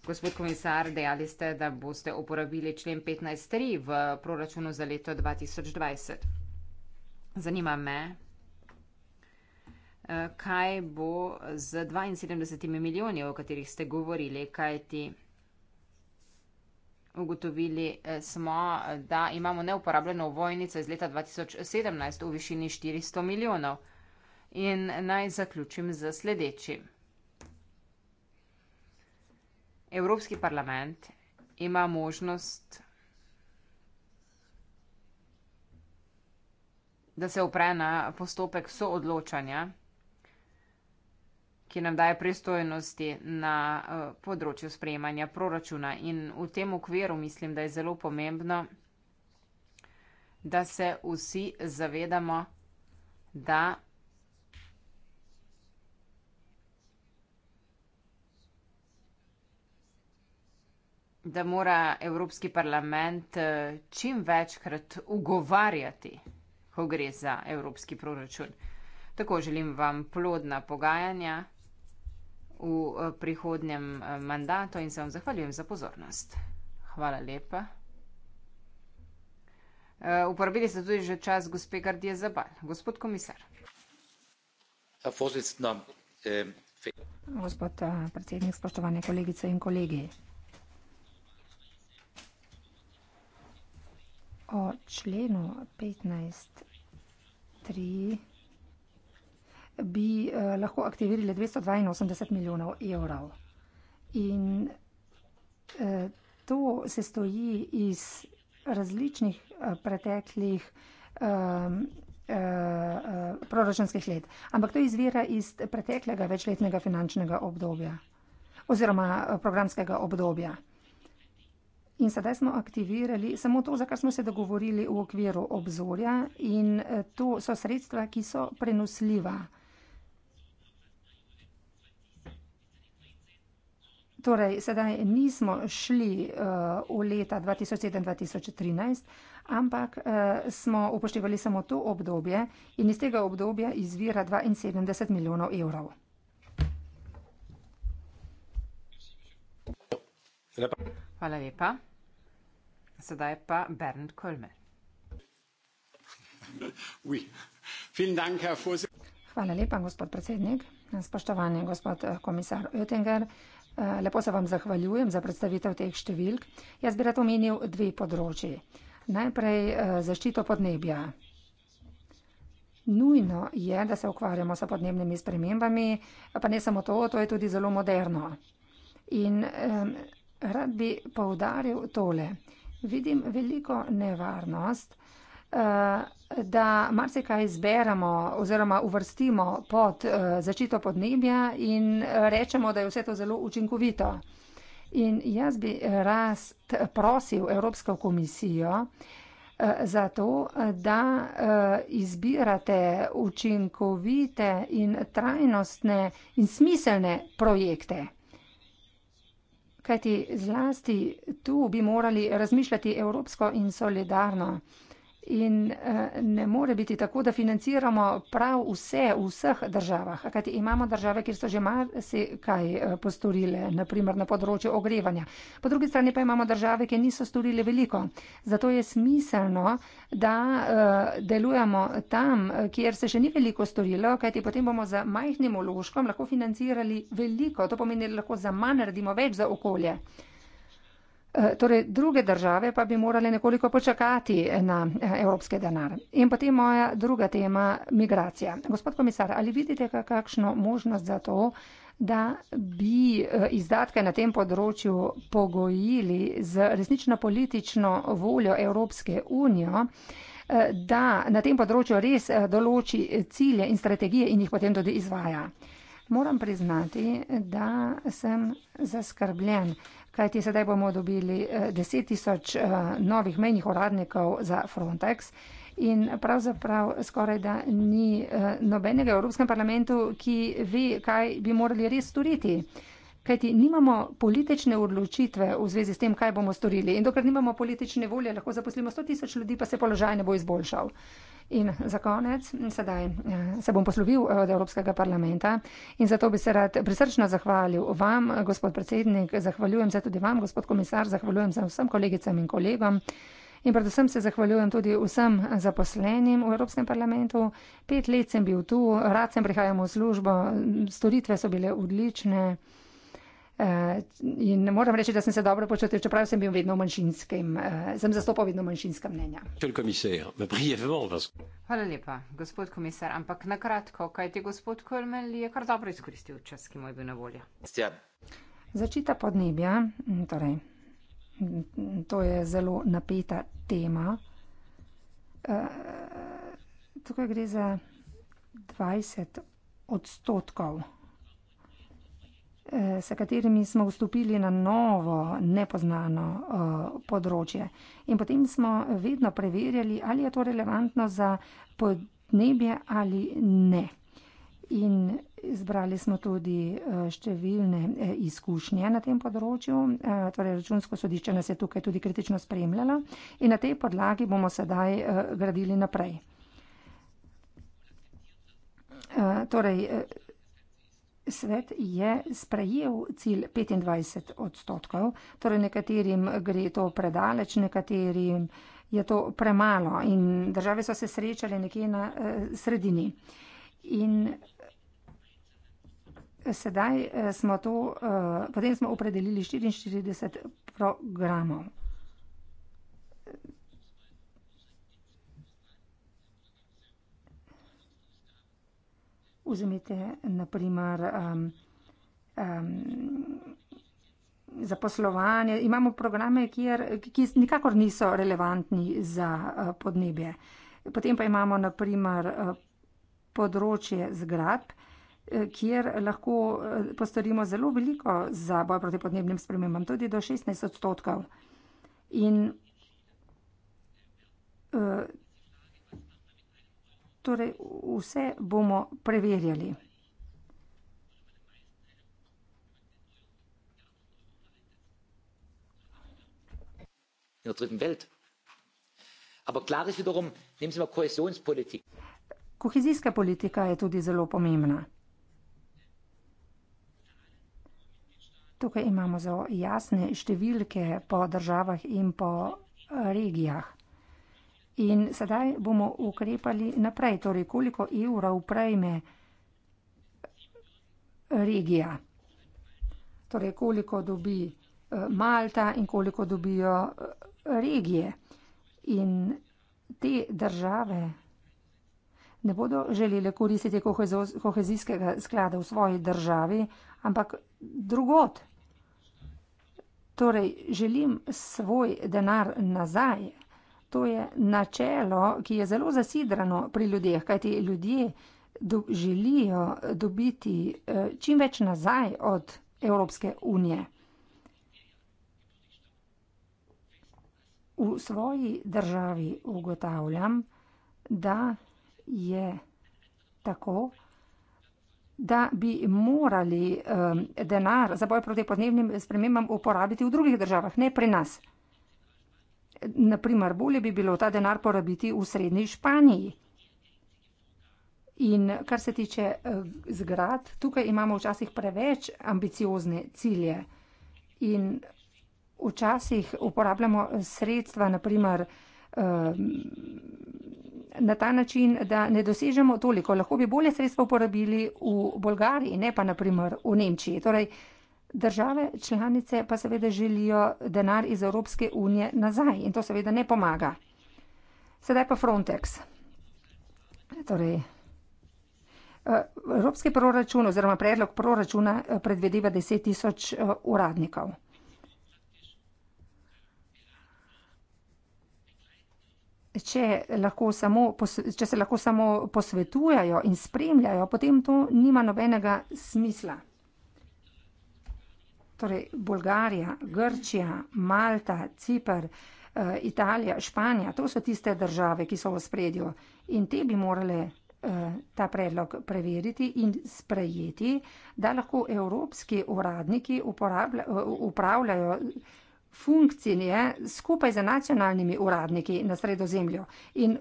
Gospod komisar, dejali ste, da boste uporabili člen 15.3 v proračunu za leto 2020. Zanima me, eh, kaj bo z 72 milijoni, o katerih ste govorili, kaj ti. Ugotovili eh, smo, eh, da imamo neuporabljeno vojnico iz leta 2017 v višini 400 milijonov. In naj zaključim z sledečim. Evropski parlament ima možnost, da se opre na postopek soodločanja ki nam daje pristojnosti na uh, področju sprejemanja proračuna. In v tem okviru mislim, da je zelo pomembno, da se vsi zavedamo, da. da mora Evropski parlament eh, čim večkrat ugovarjati, ko gre za Evropski proračun. Tako želim vam plodna pogajanja v eh, prihodnjem eh, mandatu in se vam zahvaljujem za pozornost. Hvala lepa. Eh, uporabili ste tudi že čas gospe Gardije Zabal. Gospod komisar. Ähm, Gospod predsednik, spoštovane kolegice in kolegi. O členu 15.3 bi eh, lahko aktivirali 282 milijonov evrov. In eh, to se stoji iz različnih eh, preteklih ehm, proračunskih let. Ampak to izvira iz preteklega večletnega finančnega obdobja oziroma programskega obdobja. In sedaj smo aktivirali samo to, za kar smo se dogovorili v okviru obzorja in to so sredstva, ki so prenosljiva. Torej, sedaj nismo šli uh, v leta 2007-2013, ampak uh, smo upoštevali samo to obdobje in iz tega obdobja izvira 72 milijonov evrov. Lepa. Hvala lepa. Sedaj pa Bernd Kolmer. Hvala lepa, gospod predsednik. Spoštovani gospod eh, komisar Oettinger. Eh, lepo se vam zahvaljujem za predstavitev teh številk. Jaz bi rad omenil dve področji. Najprej eh, zaščito podnebja. Nujno je, da se ukvarjamo s podnebnimi spremembami, pa ne samo to, to je tudi zelo moderno. In eh, rad bi poudaril tole. Vidim veliko nevarnost Eh, da marsikaj izberemo oziroma uvrstimo pod eh, začito podnebja in eh, rečemo, da je vse to zelo učinkovito. In jaz bi rast prosil Evropsko komisijo za to, da izbirate učinkovite in trajnostne in smiselne projekte. Kajti zlasti tu bi morali razmišljati evropsko in solidarno. In eh, ne more biti tako, da financiramo prav vse v vseh državah. Kajti imamo države, kjer so že marsi kaj eh, postorile, naprimer na področju ogrevanja. Po drugi strani pa imamo države, ki niso storile veliko. Zato je smiselno, da eh, delujemo tam, kjer se še ni veliko storilo, kajti potem bomo za majhnim uložkom lahko financirali veliko. To pomeni, da lahko za manj naredimo več za okolje. Eh, torej, druge države pa bi morale nekoliko počakati na eh, evropski denar. In potem moja druga tema, migracija. Gospod komisar, ali vidite kakšno možnost za to, da bi eh, izdatke na tem področju pogojili z resnično politično voljo Evropske unije, da na tem področju res določi cilje in strategije in jih potem tudi izvaja? Moram priznati, da sem zaskrbljen kajti sedaj bomo dobili 10 eh, tisoč eh, novih menjih uradnikov za Frontex. In pravzaprav skoraj da ni eh, nobenega v Evropskem parlamentu, ki ve, kaj bi morali res storiti kajti nimamo politične odločitve v zvezi s tem, kaj bomo storili. In dokler nimamo politične volje, lahko zaposlimo 100 tisoč ljudi, pa se položaj ne bo izboljšal. In za konec, sedaj eh, se bom poslovil eh, od Evropskega parlamenta in zato bi se rad prisrčno zahvalil vam, gospod predsednik, zahvaljujem se tudi vam, gospod komisar, zahvaljujem se vsem kolegicam in kolegom in predvsem se zahvaljujem tudi vsem zaposlenim v Evropskem parlamentu. Pet let sem bil tu, rad sem prihajal v službo, storitve so bile odlične. Eh, in moram reči, da sem se dobro počutil, čeprav sem bil vedno manjšinskem, eh, sem zastopal vedno manjšinska mnenja. Hvala lepa, gospod komisar, ampak na kratko, kaj ti gospod Kolmel je kar dobro izkoristil čas, ki mu je bil na voljo. Ja. Začita podnebja, mm, torej, mm, to je zelo napeta tema. Eh, tukaj gre za 20 odstotkov Eh, s katerimi smo vstopili na novo, nepoznano eh, področje. In potem smo vedno preverjali, ali je to relevantno za podnebje ali ne. In zbrali smo tudi eh, številne izkušnje na tem področju, torej računsko sodišče nas je tukaj tudi kritično spremljalo in na tej podlagi bomo sedaj gradili naprej. Torej, Svet je sprejel cilj 25 odstotkov, torej nekaterim gre to predaleč, nekaterim je to premalo in države so se srečale nekje na eh, sredini. In eh, sedaj eh, smo to, eh, potem smo opredelili 44 programov. Vzemite naprimer um, um, zaposlovanje. Imamo programe, kjer, ki nikakor niso relevantni za eh, podnebje. Potem pa imamo naprimer eh, področje zgrad, eh, kjer lahko postorimo zelo veliko za boj proti podnebnim spremembam, tudi do 16 odstotkov. In Torej, vse bomo preverjali. Kohezijska politika je tudi zelo pomembna. Tukaj imamo zelo jasne številke po državah in po regijah in sedaj bomo ukrepali naprej. Torej, koliko evrov prejme regija? Torej, koliko dobi eh, Malta in koliko dobijo eh, regije? In te države ne bodo želele koristiti kohezijskega sklada v svoji državi, ampak drugot. Torej, želim svoj denar nazaj, To je načelo, ki je zelo zasidrano pri ljudeh, kajti ljudje do, želijo dobiti eh, čim več nazaj od Evropske unije. V svoji državi ugotavljam, da je tako, da bi morali eh, denar za boj proti podnebnim spremembam uporabiti v drugih državah, ne pri nas. Naprimer, bolje bi bilo ta denar porabiti v srednji Španiji. In kar se tiče eh, zgrad, tukaj imamo včasih preveč ambiciozne cilje in včasih uporabljamo eh, sredstva, naprimer, eh, na ta način, da ne dosežemo toliko. Lahko bi bolje sredstva uporabili v Bolgariji, ne pa naprimer v Nemčiji. Torej, Države članice pa seveda želijo denar iz Evropske unije nazaj in to seveda ne pomaga. Sedaj pa Frontex. Torej, eh, evropski proračun oziroma predlog proračuna eh, predvideva deset tisoč eh, uradnikov. Če lahko samo če se lahko samo posvetujejo in spremljajo, potem to nima nobenega smisla torej Bolgarija, Grčija, Malta, Cipr, eh, Italija, Španija, to so tiste države, ki so v spredju in te bi morale eh, ta predlog preveriti in sprejeti, da lahko evropski uradniki upravljajo funkcije skupaj z nacionalnimi uradniki na sredozemlju in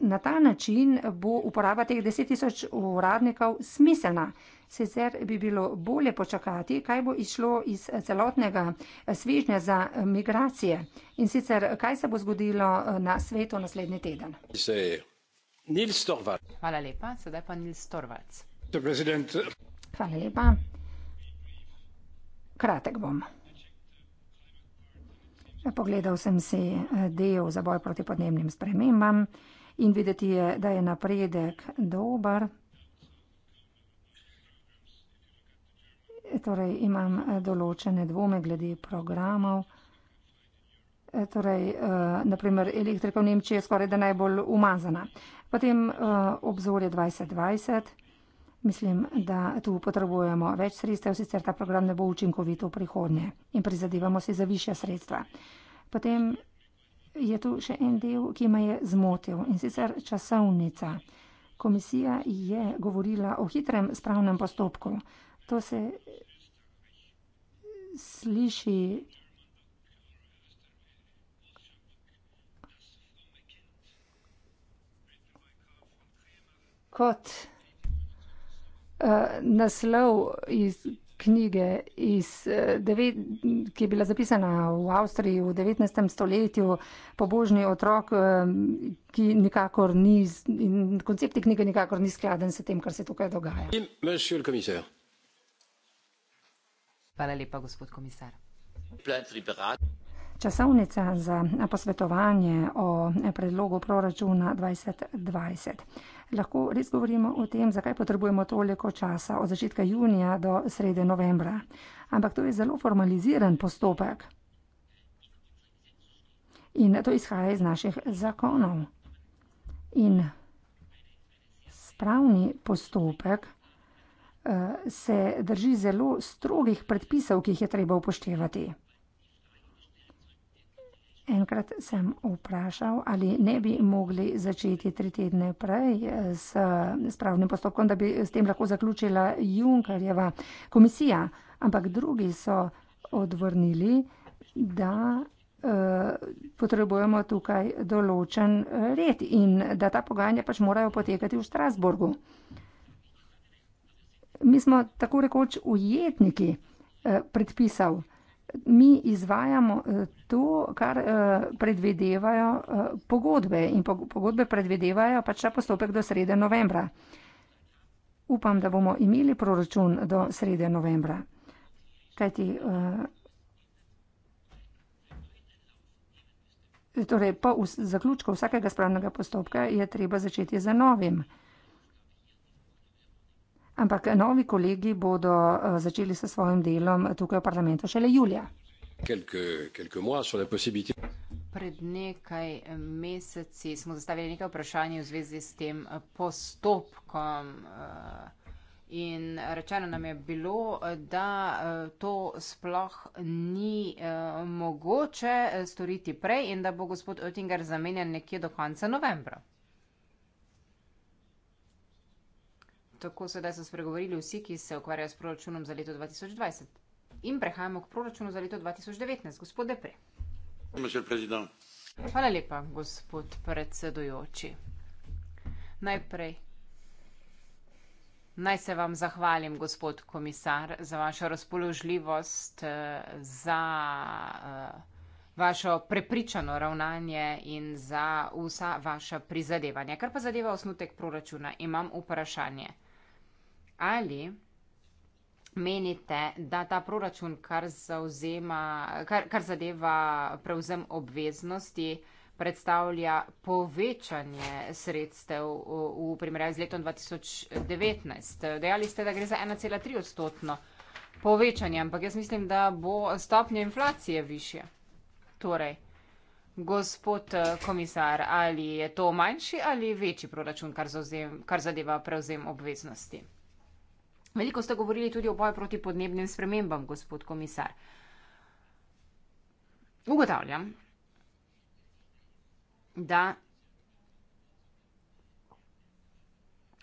Na ta način bo uporaba teh 10 tisoč uradnikov smiselna. Sicer bi bilo bolje počakati, kaj bo išlo iz celotnega svežnja za migracije in sicer kaj se bo zgodilo eh, na svetu naslednji teden. Hvala lepa, sedaj pa Nils Torvalc. Hvala lepa. Kratek bom. Pogledal sem si eh, del za boj proti podnebnim spremembam in videti je, da je napredek dober. Torej, imam eh, določene dvome glede programov. Eh, torej, eh, naprimer, elektrika v Nemčiji je skoraj da najbolj umazana. Potem obzorje 2020. Mislim, da tu potrebujemo več sredstev, sicer ta program ne bo učinkovit v prihodnje in prizadevamo si za više sredstva. Potem je tu še en del, ki me je zmotil in sicer časovnica. Komisija je govorila o hitrem spravnem postopku. To se sliši kot uh, naslov iz knjige, iz, eh, devet, ki je bila zapisana v Avstriji v 19. stoletju, pobožni otrok, eh, ki nikakor ni, in koncept te knjige nikakor ni skladen s tem, kar se tukaj dogaja. Hvala lepa, gospod komisar. Časovnica za posvetovanje o predlogu proračuna 2020 lahko res govorimo o tem, zakaj potrebujemo toliko časa od začetka junija do srede novembra. Ampak to je zelo formaliziran postopek. In to izhaja iz naših zakonov. In spravni postopek uh, se drži zelo strogih predpisov, ki jih je treba upoštevati. Enkrat sem vprašal, ali ne bi mogli začeti tri tedne prej eh, s spravnim postopkom, da bi s tem lahko zaključila Junkarjeva komisija. Ampak drugi so odvrnili, da eh, potrebujemo tukaj določen eh, red in da ta pogajanja pač morajo potekati v Strasburgu. Mi smo tako rekoč ujetniki predpisal mi izvajamo eh, to, kar eh, predvidevajo eh, pogodbe in pogodbe predvidevajo pač ta postopek do srede novembra. Upam, da bomo imeli proračun do srede novembra. Kajti, torej po zaključku vsakega spravnega postopka je treba začeti z novim. Ampak novi kolegi bodo eh, začeli s svojim delom tukaj v parlamentu šele julija. Pred nekaj meseci smo zastavili nekaj vprašanj v zvezi s tem postopkom. Eh, in rečeno nam je bilo, da eh, to sploh ni mogoče storiti prej in da bo gospod Oettinger zamenjen nekje do konca novembra. tako sedaj so spregovorili vsi, ki se ukvarjajo s proračunom za leto 2020. In prehajamo k proračunu za leto 2019. Gospod Depre. Hvala lepa, gospod predsedujoči. Najprej. Naj se vam zahvalim, gospod komisar, za vašo razpoložljivost, za vašo prepričano ravnanje in za vsa vaša prizadevanja. Kar pa zadeva osnutek proračuna, imam vprašanje ali menite, da ta proračun, kar, zauzema, kar, kar zadeva prevzem obveznosti, predstavlja povečanje sredstev v, v primerjavi z letom 2019. Dejali ste, da gre za 1,3 odstotno povečanje, ampak jaz mislim, da bo stopnja inflacije više. Torej, gospod komisar, ali je to manjši ali večji proračun, kar, zauzem, kar zadeva prevzem obveznosti? Veliko ste govorili tudi o boju proti podnebnim spremembam, gospod komisar. Ugotavljam, da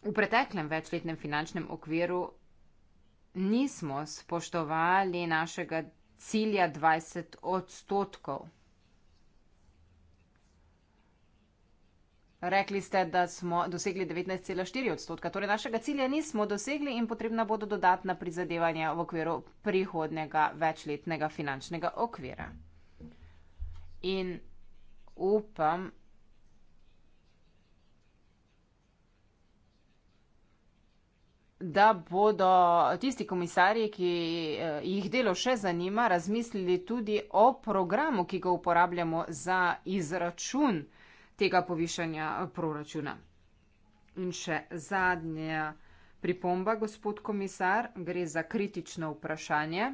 v preteklem večletnem finančnem okviru nismo spoštovali našega cilja 20 odstotkov Rekli ste, da smo dosegli 19,4 odstotka, torej našega cilja nismo dosegli in potrebna bodo dodatna prizadevanja v okviru prihodnega večletnega finančnega okvira. In upam, da bodo tisti komisarji, ki eh, jih delo še zanima, razmislili tudi o programu, ki ga uporabljamo za izračun tega povišanja eh, proračuna. In še zadnja pripomba, gospod komisar, gre za kritično vprašanje.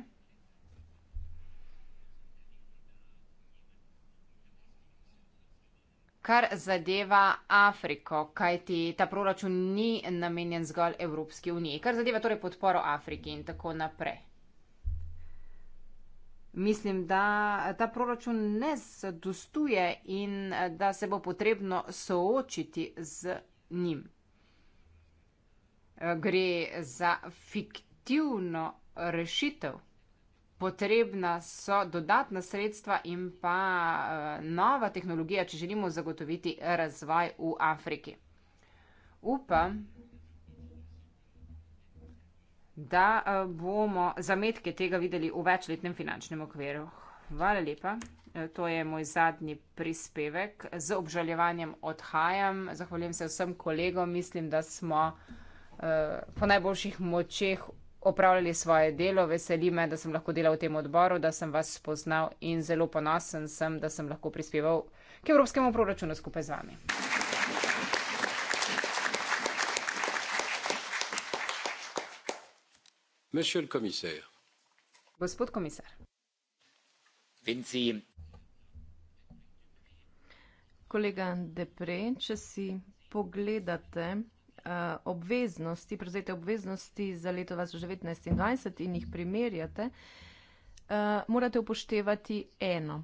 Kar zadeva Afriko, kajti ta proračun ni namenjen zgolj Evropski uniji, kar zadeva torej podporo Afriki in tako naprej. Mislim, da ta proračun ne zadostuje in eh, da se bo potrebno soočiti z njim. Eh, gre za fiktivno rešitev. Potrebna so dodatna sredstva in pa eh, nova tehnologija, če želimo zagotoviti razvoj v Afriki. Upam, da eh, bomo zametke tega videli v večletnem finančnem okviru. Hvala lepa. Eh, to je moj zadnji prispevek. Z obžaljevanjem odhajam. Zahvaljujem se vsem kolegom. Mislim, da smo eh, po najboljših močeh opravljali svoje delo. Veseli me, da sem lahko delal v tem odboru, da sem vas spoznal in zelo ponosen sem, da sem lahko prispeval k evropskemu proračunu skupaj z vami. monsieur le commissaire gospod komisar kolega deprez če si pogledate eh, obveznosti prevzete obveznosti za leto dva tisoč devetnajst in dvajset in jih primerjate eh, morate upoštevati eno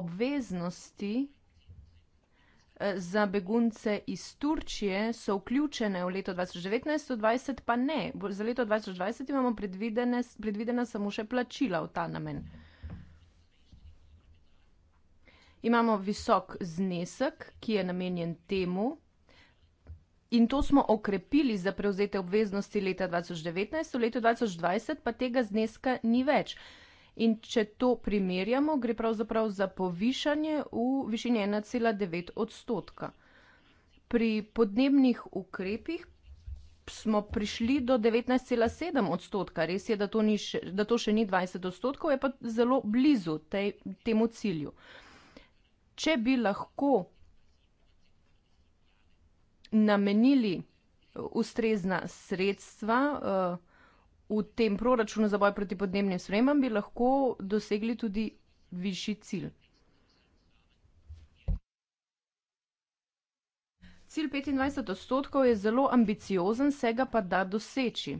obveznosti za begunce iz Turčije so vključene v leto 2019, 2020 pa ne. Za leto 2020 imamo predvidena samo še plačila v ta namen. Imamo visok znesek, ki je namenjen temu, in to smo okrepili za prevzete obveznosti leta 2019, v letu 2020 pa tega zneska ni več. In če to primerjamo, gre pravzaprav za povišanje v višini ena cela devet odstotka. Pri podnebnih ukrepih smo prišli do devetnajst cela sedem odstotka, res je, da to ni še, da to še ni dvajset odstotkov, je pa zelo blizu tej, temu cilju. Če bi lahko namenili ustrezna sredstva, eh, v tem proračunu za boj proti podnebnim spremembam bi lahko dosegli tudi višji cilj? Cilj 25 odstotkov je zelo ambiciozen, se ga pa da doseči.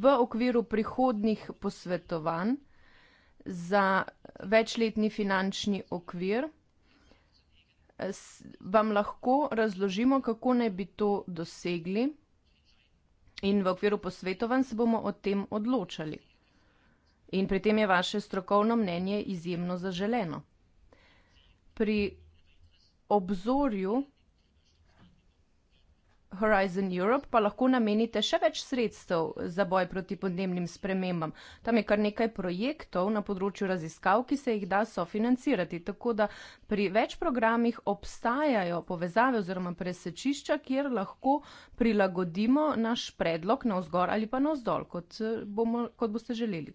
V okviru prihodnjih posvetovanj za večletni finančni okvir eh, vam lahko razložimo, kako naj bi to dosegli. In v okviru posvetovanj se bomo o tem odločali. In pri tem je vaše strokovno mnenje izjemno zaželeno. Pri obzorju Horizon Europe pa lahko namenite še več sredstev za boj proti podnebnim spremembam. Tam je kar nekaj projektov na področju raziskav, ki se jih da sofinancirati. Tako da pri več programih obstajajo povezave oziroma presečišča, kjer lahko prilagodimo naš predlog na vzgor ali pa na vzdol, kot, eh, bomo, kot boste želeli.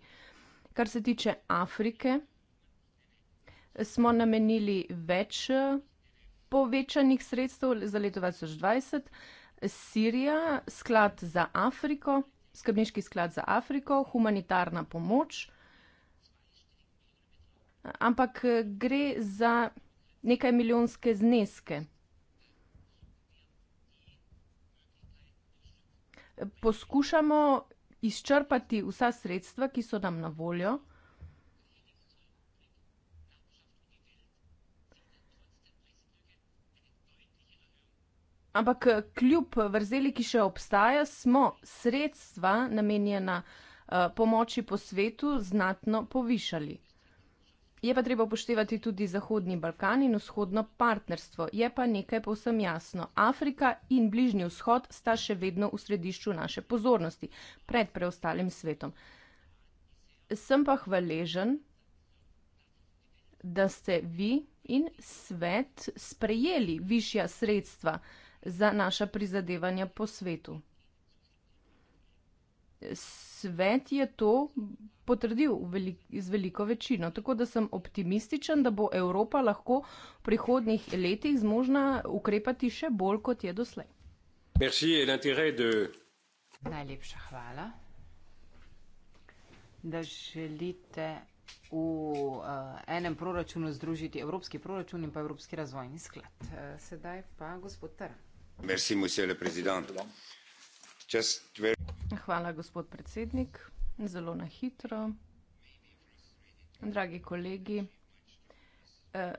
Kar se tiče Afrike, smo namenili več eh, povečanih sredstev za leto 2020. Sirija, sklad za Afriko, skrbniški sklad za Afriko, humanitarna pomoč. Ampak eh, gre za nekaj milijonske zneske. Poskušamo izčrpati vsa sredstva, ki so nam na voljo. Ampak eh, kljub vrzeli, ki še obstaja, smo sredstva namenjena uh, pomoči po svetu znatno povišali. Je pa treba upoštevati tudi Zahodni Balkan in vzhodno partnerstvo. Je pa nekaj povsem jasno. Afrika in Bližnji vzhod sta še vedno v središču naše pozornosti pred preostalim svetom. Sem pa hvaležen, da ste vi in svet sprejeli višja sredstva uh, za naša prizadevanja po svetu. Svet je to potrdil v z veliko večino, tako da sem optimističen, da bo Evropa lahko v prihodnjih letih zmožna ukrepati še bolj, kot je doslej. Merci et de... Najlepša hvala, da želite v uh, enem proračunu združiti evropski proračun in pa evropski razvojni sklad. Uh, sedaj pa gospod Trn. Hvala, gospod predsednik. Zelo na hitro. Dragi kolegi, eh,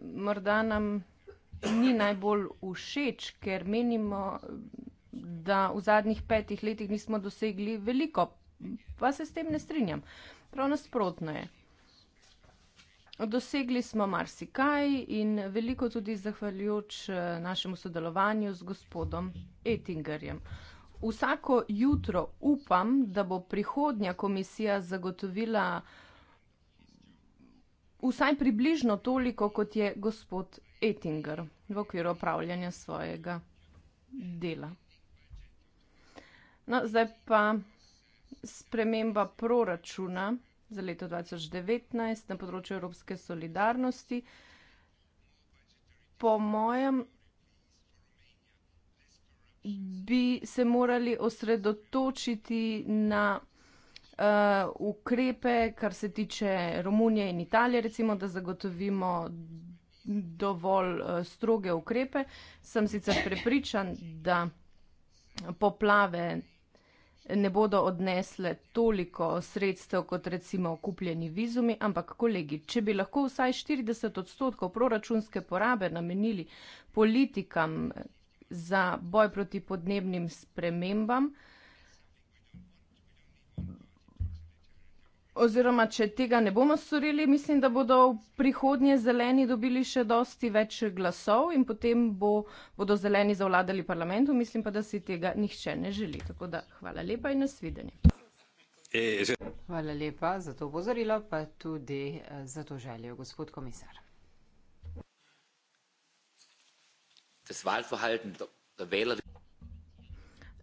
morda nam ni najbolj všeč, ker menimo, da v zadnjih petih letih nismo dosegli veliko, pa se s tem ne strinjam. Prav nasprotno je. Dosegli smo marsikaj in veliko tudi zahvaljujoč eh, našemu sodelovanju z gospodom Ettingerjem. Vsako jutro upam, da bo prihodnja komisija zagotovila vsaj približno toliko, kot je gospod Ettinger v okviru opravljanja svojega dela. No, zdaj pa sprememba proračuna za leto 2019 na področju evropske solidarnosti. Po mojem bi se morali osredotočiti na uh, ukrepe, kar se tiče Romunije in Italije, recimo, da zagotovimo dovolj uh, stroge ukrepe. Sem sicer prepričan, da poplave ne bodo odnesle toliko sredstev kot recimo kupljeni vizumi, ampak kolegi, če bi lahko vsaj 40 odstotkov proračunske porabe namenili politikam za boj proti podnebnim spremembam, oziroma če tega ne bomo storili, mislim, da bodo v prihodnje zeleni dobili še dosti več glasov in potem bo, bodo zeleni zavladali parlamentu. Mislim pa, da si tega nihče ne želi. Tako da hvala lepa in nasvidenje. Hvala lepa za to pozorilo, pa tudi eh, za to željo, gospod komisar.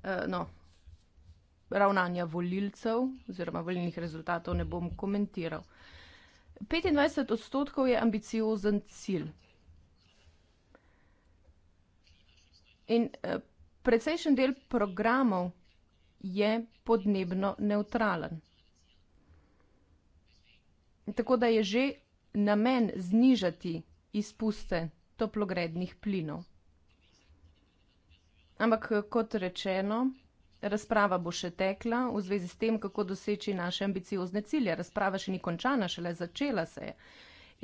Eh, no, ravnanja volilcev oziroma volilnih rezultatov ne bom komentiral. 25 odstotkov je ambiciozen cilj. In eh, precejšen del programov je podnebno neutralen. Tako da je že namen znižati izpuste toplogrednih plinov. Ampak kot rečeno, Razprava bo še tekla v zvezi s tem, kako doseči naše ambiciozne cilje. Razprava še ni končana, šele začela se je.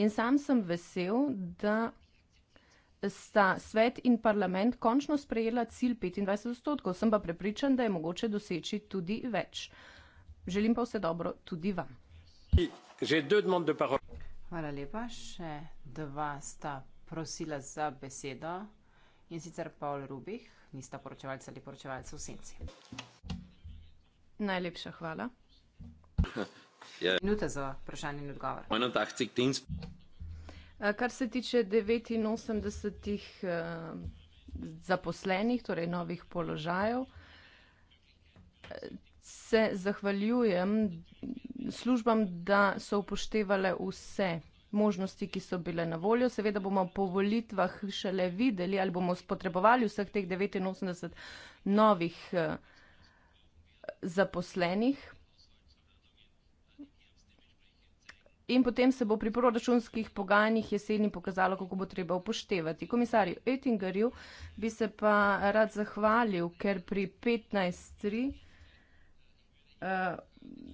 In sam sem vesel, da sta svet in parlament končno sprejela cilj 25 odstotkov. Sem pa prepričan, da je mogoče doseči tudi več. Želim pa vse dobro tudi vam. Hvala lepa. Še dva sta prosila za besedo in sicer Paul Rubih nista poročevalca ali poročevalca v senci. Najlepša hvala. Ja. Minuta za vprašanje in odgovor. Eh, kar se tiče 89 eh, zaposlenih, torej novih položajev, se zahvaljujem službam, da so upoštevale vse možnosti, ki so bile na voljo. Seveda bomo po volitvah šele videli ali bomo spotrebovali vseh teh 89 novih eh, zaposlenih. In potem se bo pri proračunskih pogajanjih jeseni pokazalo, kako bo treba upoštevati. Komisarju Oettingerju bi se pa rad zahvalil, ker pri 15.3 uh, eh,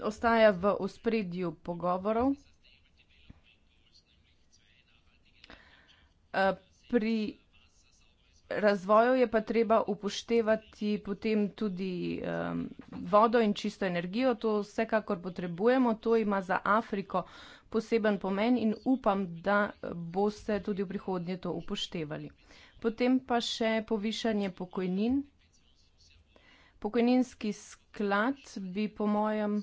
ostaja v ospredju pogovorov. Eh, pri razvoju je pa treba upoštevati potem tudi, vodo in čisto energijo, to vsekakor potrebujemo, to ima za Afriko poseben pomen in upam, da boste tudi v prihodnje to upoštevali. Potem pa še povišanje pokojnin. Pokojninski sklad bi po mojem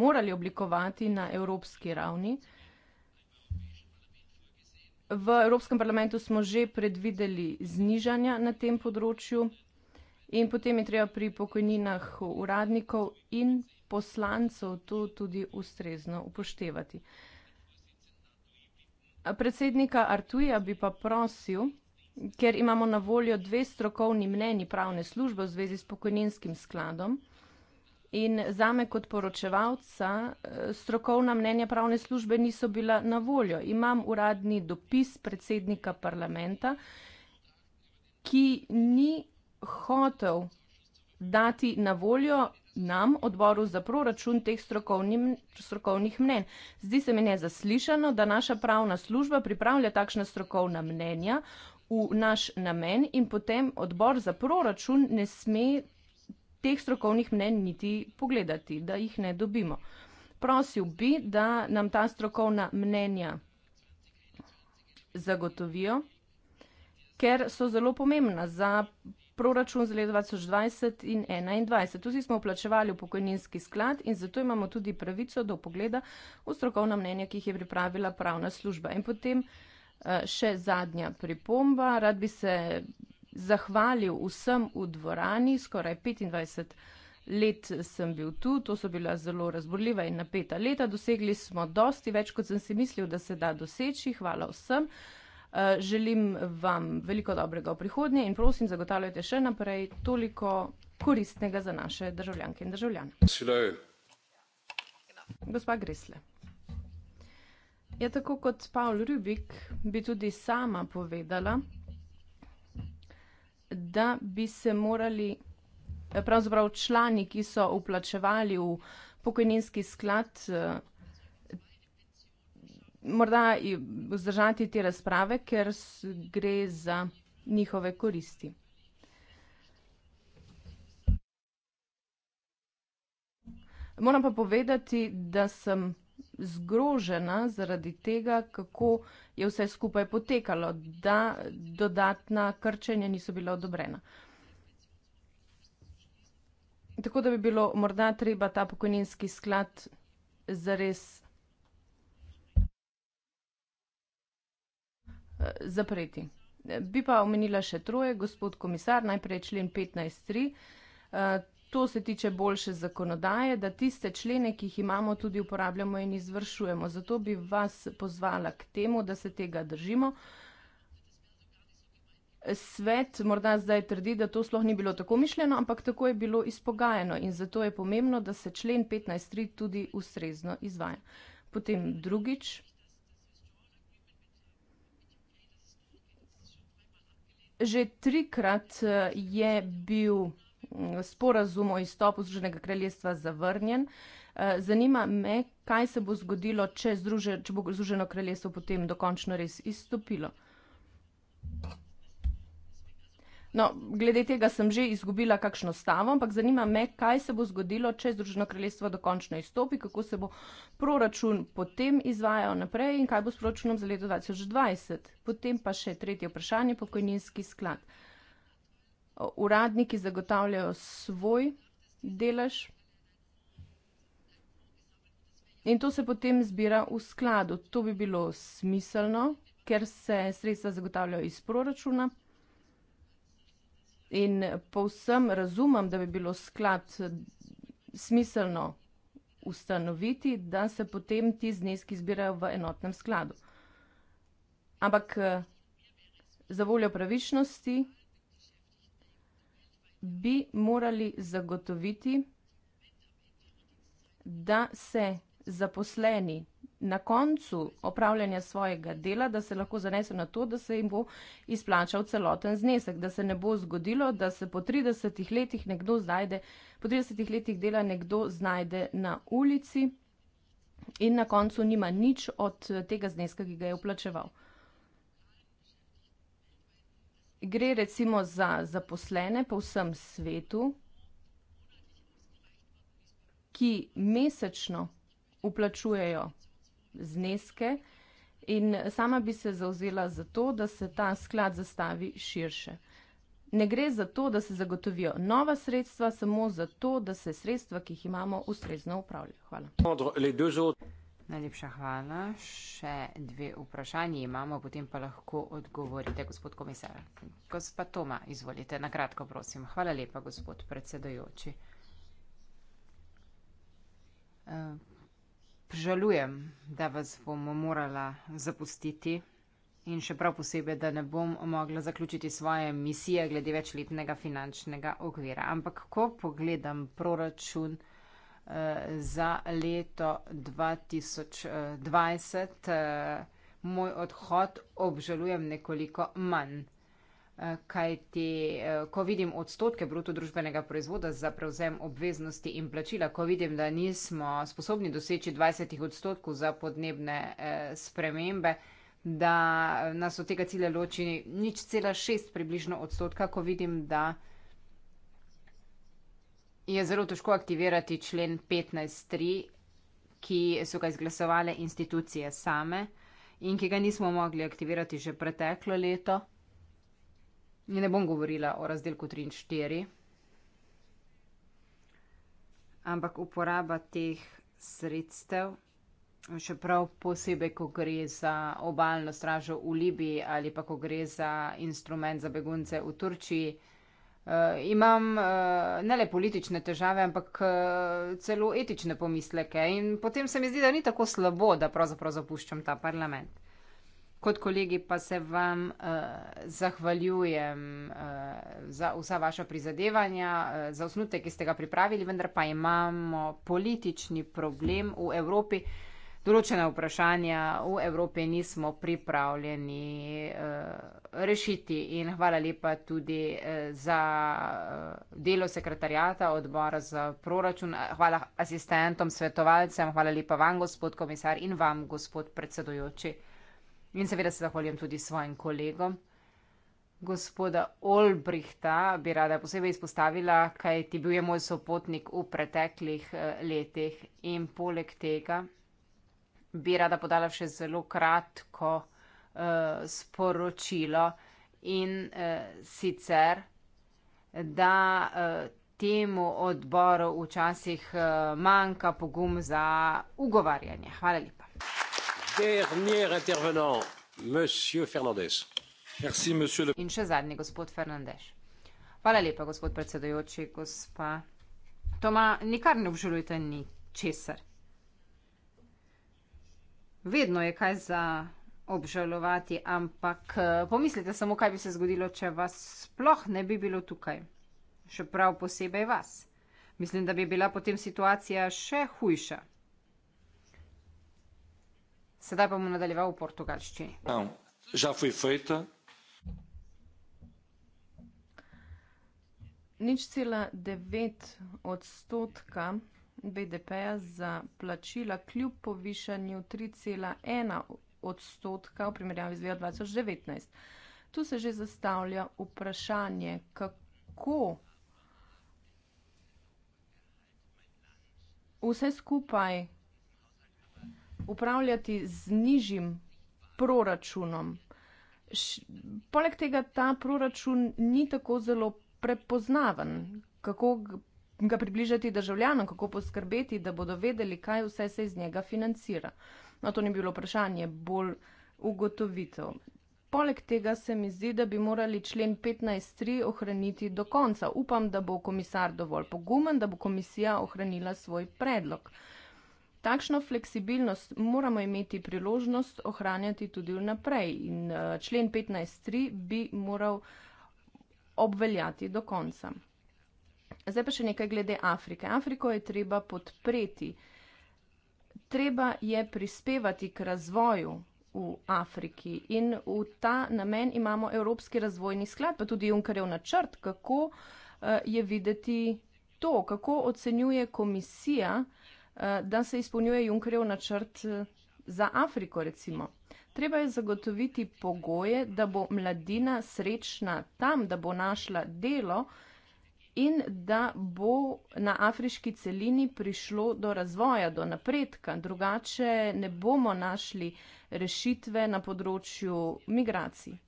morali oblikovati na evropski ravni. V Evropskem parlamentu smo že predvideli znižanja na tem področju in potem je treba pri pokojninah uradnikov in poslancev to tudi ustrezno upoštevati. Predsednika Artuija bi pa prosil, ker imamo na voljo dve strokovni mnenji pravne službe v zvezi s pokojninskim skladom, In za me kot poročevalca eh, strokovna mnenja pravne službe niso bila na voljo. Imam uradni dopis predsednika parlamenta, ki ni hotel dati na voljo nam, odboru za proračun, teh strokovnim, strokovnih mnen. Zdi se mi nezaslišano, da naša pravna služba pripravlja takšna strokovna mnenja v naš namen in potem odbor za proračun ne sme teh strokovnih mnenj niti pogledati, da jih ne dobimo. Prosil bi, da nam ta strokovna mnenja zagotovijo, ker so zelo pomembna za proračun za leto 2020 in 2021. Vsi smo vplačevali v pokojninski sklad in zato imamo tudi pravico do pogleda v strokovna mnenja, ki jih je pripravila pravna služba. In potem eh, še zadnja pripomba. Rad bi se zahvalil vsem v dvorani, skoraj petindvajset let sem bil tu, to so bila zelo razburljiva in napeta leta, dosegli smo dosti več, kot sem si mislil, da se da doseči, hvala vsem. Eh, želim vam veliko dobrega v prihodnje in prosim, zagotavljajte še naprej toliko koristnega za naše državljanke in državljane. Gospa Gresle. Ja, tako kot Paul Rubik bi tudi sama povedala, da bi se morali, eh, pravzaprav člani, ki so vplačevali v pokojninski sklad, eh, morda vzdržati te razprave, ker gre za njihove koristi. Moram pa povedati, da sem zgrožena zaradi tega, kako je vse skupaj potekalo, da dodatna krčenja niso bila odobrena. Tako da bi bilo morda treba ta pokojninski sklad zares eh, zapreti. Bi pa omenila še troje, gospod komisar, najprej člen petnajst tri, eh, to se tiče boljše zakonodaje, da tiste člene, ki jih imamo, tudi uporabljamo in izvršujemo. Zato bi vas pozvala k temu, da se tega držimo. Svet morda zdaj trdi, da to sploh ni bilo tako mišljeno, ampak tako je bilo izpogajeno in zato je pomembno, da se člen 15.3 tudi ustrezno izvaja. Potem drugič. Že trikrat eh, je bil sporazum o izstopu Združenega kraljestva zavrnjen. Eh, zanima me, kaj se bo zgodilo, če, Združe, če bo Združeno kraljestvo potem dokončno res izstopilo. No, glede tega sem že izgubila kakšno stavo, ampak zanima me, kaj se bo zgodilo, če Združeno kraljestvo dokončno izstopi, kako se bo proračun potem izvajal naprej in kaj bo s proračunom za leto 2020. Potem pa še tretje vprašanje, pokojninski sklad uradniki zagotavljajo svoj delež. In to se potem zbira v skladu. To bi bilo smiselno, ker se sredstva zagotavljajo iz proračuna. In povsem razumem, da bi bilo sklad smiselno ustanoviti, da se potem ti zneski zbirajo v enotnem skladu. Ampak, eh, zavoljo pravičnosti bi morali zagotoviti, da se zaposleni na koncu opravljanja svojega dela, da se lahko zanese na to, da se jim bo izplačal celoten znesek, da se ne bo zgodilo, da se po 30 letih nekdo znajde, po 30 letih dela nekdo znajde na ulici in na koncu nima nič od tega zneska, ki ga je vplačeval gre recimo za zaposlene po vsem svetu, ki mesečno vplačujejo zneske, in sama bi se zavzela za to, da se ta sklad zastavi širše. Ne gre za to, da se zagotovijo nova sredstva, samo za to, da se sredstva, ki jih imamo, ustrezno upravlja. Hvala. Najlepša hvala. Še dve vprašanje imamo, potem pa lahko odgovorite, gospod komisar. Gospa Toma, izvolite, na kratko prosim. Hvala lepa, gospod predsedojoči. E, žalujem, da vas bom morala zapustiti in še prav posebej, da ne bom mogla zaključiti svoje misije glede večletnega finančnega okvira. Ampak, ko pogledam proračun, za leto 2020. Eh, moj odhod obžalujem nekoliko manj. Eh, Kaj ti, eh, ko vidim odstotke bruto družbenega proizvoda za prevzem obveznosti in plačila, ko vidim, da nismo sposobni doseči 20 odstotkov za podnebne spremembe, da nas od tega cilja loči nič cela šest približno odstotka, ko vidim, da je zelo težko aktivirati člen 15.3, ki so ga izglasovale institucije same in ki ga nismo mogli aktivirati že preteklo leto. Ne bom govorila o razdelku 3 in 4, ampak uporaba teh sredstev, še prav posebej, ko gre za obaljno stražo v Libiji ali pa ko gre za instrument za begunce v Turčiji, Uh, imam uh, ne le politične težave, ampak uh, celo etične pomisleke in potem se mi zdi, da ni tako slabo, da pravzaprav zapuščam ta parlament. Kot kolegi pa se vam uh, zahvaljujem uh, za vsa vaša prizadevanja, uh, za osnutek, ki ste ga pripravili, vendar pa imamo politični problem v Evropi. Uh, določena vprašanja v Evropi nismo pripravljeni eh, rešiti. In hvala lepa tudi eh, za eh, delo sekretarjata odbora za proračun. Hvala asistentom, svetovalcem, hvala lepa vam, gospod komisar in vam, gospod predsedujoči. In seveda se zahvaljujem tudi svojim kolegom. Gospoda Olbrihta bi rada posebej izpostavila, kaj ti bil je moj sopotnik v preteklih letih in poleg tega bi rada podala še zelo kratko uh, sporočilo in uh, sicer, da uh, temu odboru včasih uh, manjka pogum za ugovarjanje. Hvala lepa. In še zadnji, gospod Fernandez. Hvala lepa, gospod predsedojoči, gospa. Toma, nikar ne obžalujte ničesar vedno je kaj za obžalovati, ampak eh, pomislite samo, kaj bi se zgodilo, če vas sploh ne bi bilo tukaj. Še prav posebej vas. Mislim, da bi bila potem situacija še hujša. Sedaj pa bom nadaljeval v portugalščini. Že fui feita. Nič cela devet odstotka BDP-ja za plačila kljub povišanju 3,1 odstotka v primerjavi z 2019. Tu se že zastavlja vprašanje, kako vse skupaj upravljati z nižjim proračunom. Poleg tega ta proračun ni tako zelo prepoznaven. Kako ga približati državljanom, kako poskrbeti, da bodo vedeli, kaj vse se iz njega financira. No, to ni bilo vprašanje, bolj ugotovitev. Poleg tega se mi zdi, da bi morali člen 15.3 ohraniti do konca. Upam, da bo komisar dovolj pogumen, da bo komisija ohranila svoj predlog. Takšno fleksibilnost moramo imeti priložnost ohranjati tudi vnaprej in eh, člen 15.3 bi moral obveljati do konca. Zdaj pa še nekaj glede Afrike. Afriko je treba podpreti. Treba je prispevati k razvoju v Afriki in v ta namen imamo Evropski razvojni sklad, pa tudi Junkerjev načrt, kako eh, je videti to, kako ocenjuje komisija, eh, da se izpolnjuje Junkerjev načrt eh, za Afriko, recimo. Treba je zagotoviti pogoje, da bo mladina srečna tam, da bo našla delo, in da bo na afriški celini prišlo do razvoja, do napredka, drugače ne bomo našli rešitve na področju migracij.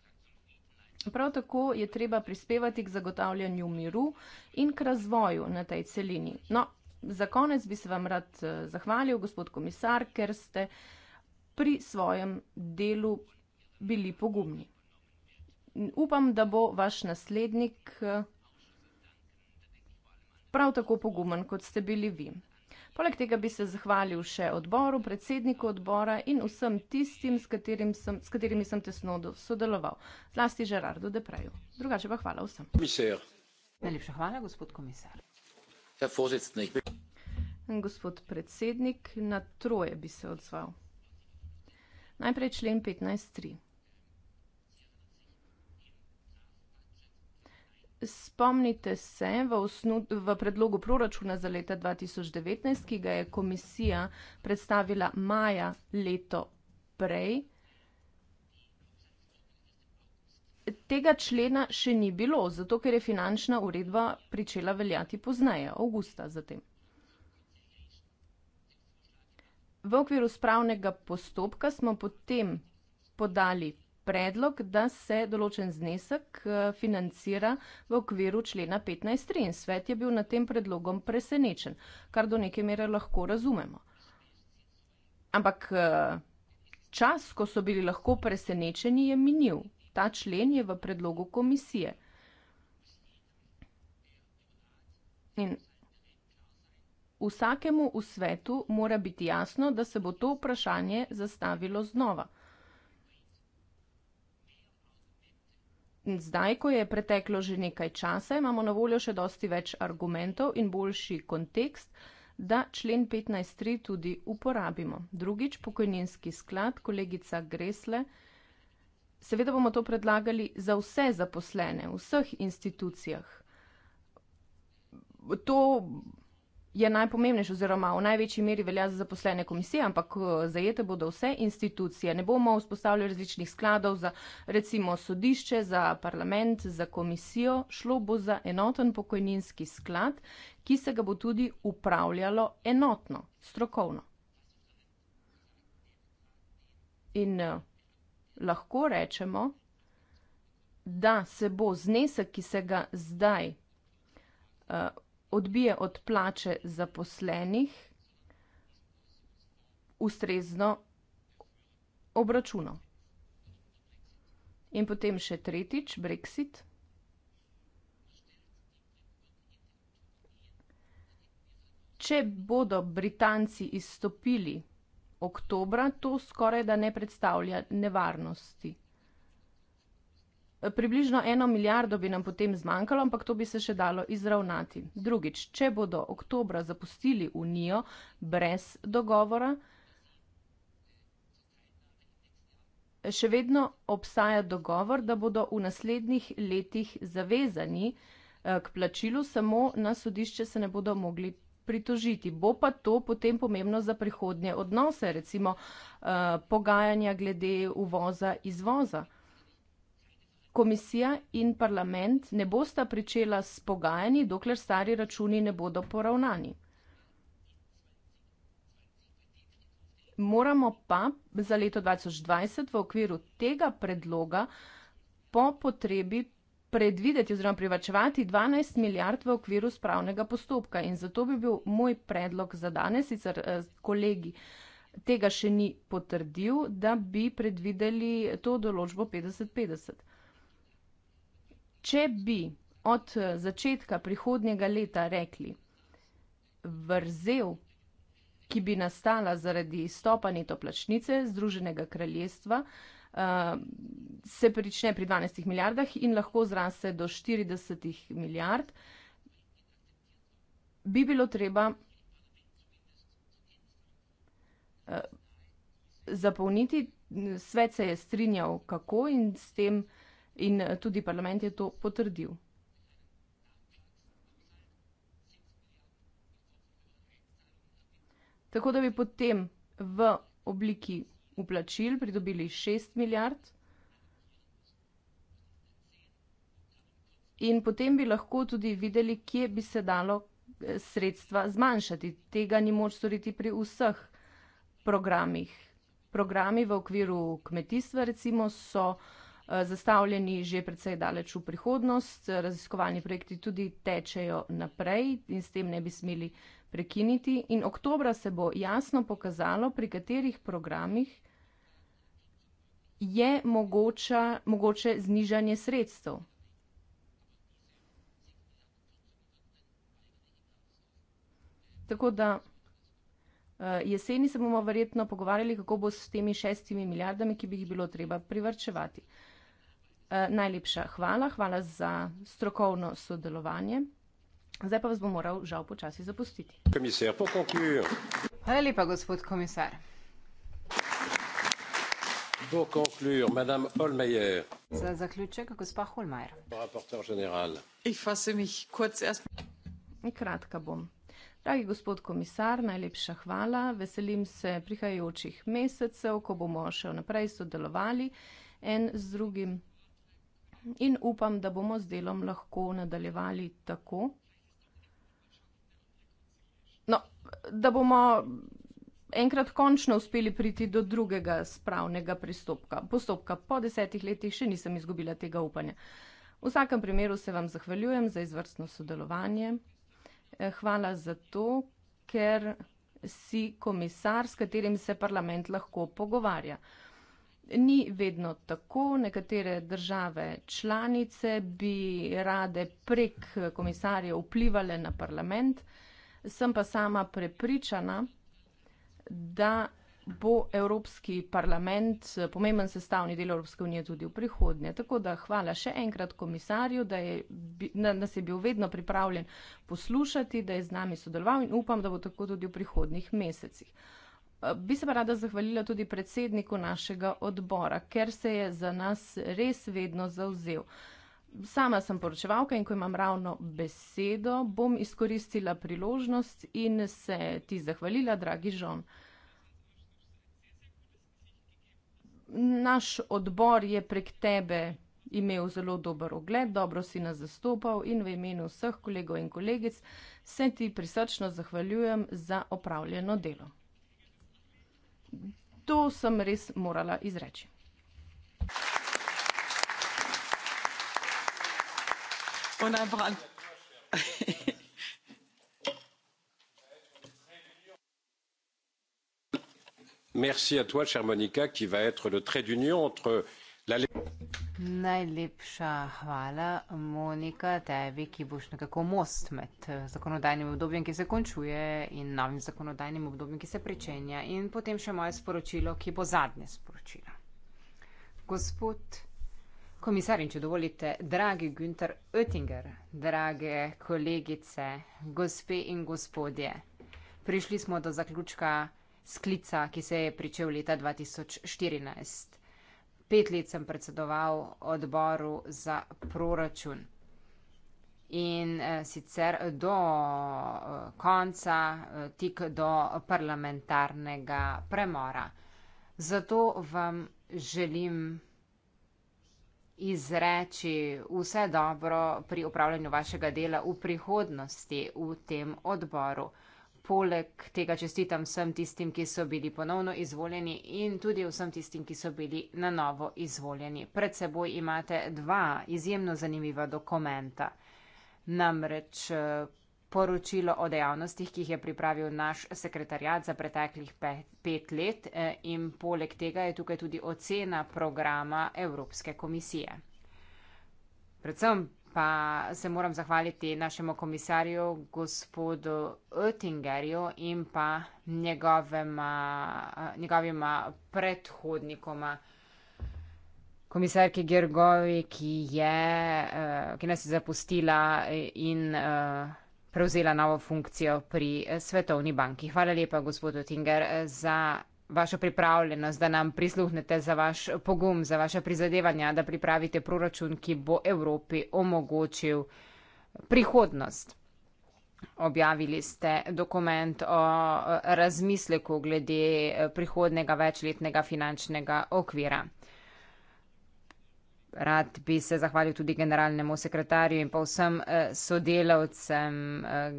Prav tako je treba prispevati k zagotavljanju miru in k razvoju na tej celini. No, za konec bi se vam rad eh, zahvalil, gospod komisar, ker ste pri svojem delu bili pogumni. Upam, da bo vaš naslednik eh, prav tako pogumen, kot ste bili vi. Poleg tega bi se zahvalil še odboru, predsedniku odbora in vsem tistim, s, katerim sem, s katerimi sem tesno sodeloval, zlasti Žerardu Depreju. Drugače pa hvala vsem. Komisar. Najlepša hvala, gospod komisar. Gospod predsednik, na troje bi se odzval. Najprej člen 15.3. Spomnite se, v, osnu, v predlogu proračuna za leto 2019, ki ga je komisija predstavila maja leto prej, tega člena še ni bilo, zato ker je finančna uredba pričela veljati pozneje, avgusta zatem. V okviru spravnega postopka smo potem podali predlog, da se določen znesek eh, financira v okviru člena 15.3 in svet je bil nad tem predlogom presenečen, kar do neke mere lahko razumemo. Ampak eh, čas, ko so bili lahko presenečeni, je minil. Ta člen je v predlogu komisije. In vsakemu v svetu mora biti jasno, da se bo to vprašanje zastavilo znova. zdaj, ko je preteklo že nekaj časa, imamo na voljo še dosti več argumentov in boljši kontekst, da člen 15.3 tudi uporabimo. Drugič, pokojninski sklad, kolegica Gresle, seveda bomo to predlagali za vse zaposlene, v vseh institucijah. To je najpomembnejši oziroma v največji meri velja za zaposlene komisije, ampak eh, zajete bodo vse institucije. Ne bomo vzpostavljali različnih skladov za recimo sodišče, za parlament, za komisijo. Šlo bo za enoten pokojninski sklad, ki se ga bo tudi upravljalo enotno, strokovno. In eh, lahko rečemo, da se bo znesek, ki se ga zdaj eh, odbije od plače zaposlenih ustrezno obračuno. In potem še tretjič, brexit. Če bodo Britanci izstopili oktobra, to skorajda ne predstavlja nevarnosti. Približno eno milijardo bi nam potem zmanjkalo, ampak to bi se še dalo izravnati. Drugič, če bodo oktobra zapustili Unijo brez dogovora, še vedno obstaja dogovor, da bodo v naslednjih letih zavezani eh, k plačilu, samo na sodišče se ne bodo mogli pritožiti. Bo pa to potem pomembno za prihodnje odnose, recimo eh, pogajanja glede uvoza, izvoza komisija in parlament ne bosta pričela s pogajanji, dokler stari računi ne bodo poravnani. Moramo pa za leto 2020 v okviru tega predloga po potrebi predvideti oziroma privačevati 12 milijard v okviru spravnega postopka. In zato bi bil moj predlog za danes, sicer eh, kolegi tega še ni potrdil, da bi predvideli to določbo 50-50 če bi od eh, začetka prihodnjega leta rekli, vrzel, ki bi nastala zaradi izstopa neto plačnice Združenega kraljestva, eh, se prične pri dvanajstih milijardah in lahko zraste do štiridesetih milijard, bi bilo treba, eh, zapolniti, svet se je strinjal, kako in s tem, in eh, tudi parlament je to potrdil. Tako da bi potem v obliki vplačil pridobili šest milijard. In potem bi lahko tudi videli, kje bi se dalo eh, sredstva zmanjšati. Tega ni moč storiti pri vseh programih. Programi v okviru kmetijstva recimo so Eh, zastavljeni že precej daleč v prihodnost, raziskovalni projekti tudi tečejo naprej in s tem ne bi smeli prekiniti. In oktobra se bo jasno pokazalo, pri katerih programih je mogoča, mogoče znižanje sredstev. Tako da eh, jeseni se bomo verjetno pogovarjali, kako bo s temi šestimi milijardami, ki bi jih bilo treba privarčevati. Eh, najlepša hvala, hvala za strokovno sodelovanje. Zdaj pa vas bom moral žal počasi zapustiti. Komisar, po konkluju. Hvala lepa, gospod komisar. Po konkluju, madame Holmeyer. Za zaključek, gospa Holmeyer. Raportor general. Kratka bom. Dragi gospod komisar, najlepša hvala. Veselim se prihajajočih mesecev, ko bomo še naprej sodelovali en z drugim in upam, da bomo z delom lahko nadaljevali tako. No, da bomo enkrat končno uspeli priti do drugega spravnega pristopka, postopka. Po desetih letih še nisem izgubila tega upanja. V vsakem primeru se vam zahvaljujem za izvrstno sodelovanje. Eh, hvala za to, ker si komisar, s katerim se parlament lahko pogovarja ni vedno tako. Nekatere države članice bi rade prek komisarjev vplivale na parlament. Sem pa sama prepričana, da bo Evropski parlament pomemben sestavni del Evropske unije tudi v prihodnje. Tako da hvala še enkrat komisarju, da je, nas je bil vedno pripravljen poslušati, da je z nami sodeloval in upam, da bo tako tudi v prihodnih mesecih. Eh, bi se pa rada zahvalila tudi predsedniku našega odbora, ker se je za nas res vedno zauzel. Sama sem poročevalka in ko imam ravno besedo, bom izkoristila priložnost in se ti zahvalila, dragi žon. Naš odbor je prek tebe imel zelo dober ogled, dobro si nas zastopal in v imenu vseh kolegov in kolegic se ti prisrčno zahvaljujem za opravljeno delo to sem res morala izreči. Merci à toi, chère Monica, qui va être le trait d'union entre la. Najlepša hvala, Monika, tebi, ki boš nekako most med eh, zakonodajnim obdobjem, ki se končuje, in novim zakonodajnim obdobjem, ki se pričenja. In potem še moje sporočilo, ki bo zadnje sporočilo. Gospod komisar, in če dovolite, dragi Günter Oettinger, drage kolegice, gospe in gospodje, prišli smo do zaključka sklica, ki se je pričel leta 2014 pet let sem predsedoval odboru za proračun. In uh, sicer do uh, konca, uh, tik do parlamentarnega premora. Zato vam želim izreči vse dobro pri upravljanju vašega dela v prihodnosti v tem odboru poleg tega čestitam vsem tistim, ki so bili ponovno izvoljeni in tudi vsem tistim, ki so bili na novo izvoljeni. Pred seboj imate dva izjemno zanimiva dokumenta. Namreč eh, poročilo o dejavnostih, ki jih je pripravil naš sekretarjat za preteklih pet let eh, in poleg tega je tukaj tudi ocena programa Evropske komisije. Predvsem pa se moram zahvaliti našemu komisarju, gospodu Oettingerju in pa njegovema, njegovima predhodnikoma. Komisarki Gergovi, ki, je, eh, ki nas je zapustila in eh, prevzela novo funkcijo pri eh, Svetovni banki. Hvala lepa, gospod Oettinger, za vašo pripravljenost, da nam prisluhnete za vaš pogum, za vaše prizadevanja, da pripravite proračun, ki bo Evropi omogočil prihodnost. Objavili ste dokument o razmisleku glede prihodnega večletnega finančnega okvira. Rad bi se zahvalil tudi generalnemu sekretarju in pa vsem eh, sodelavcem, eh,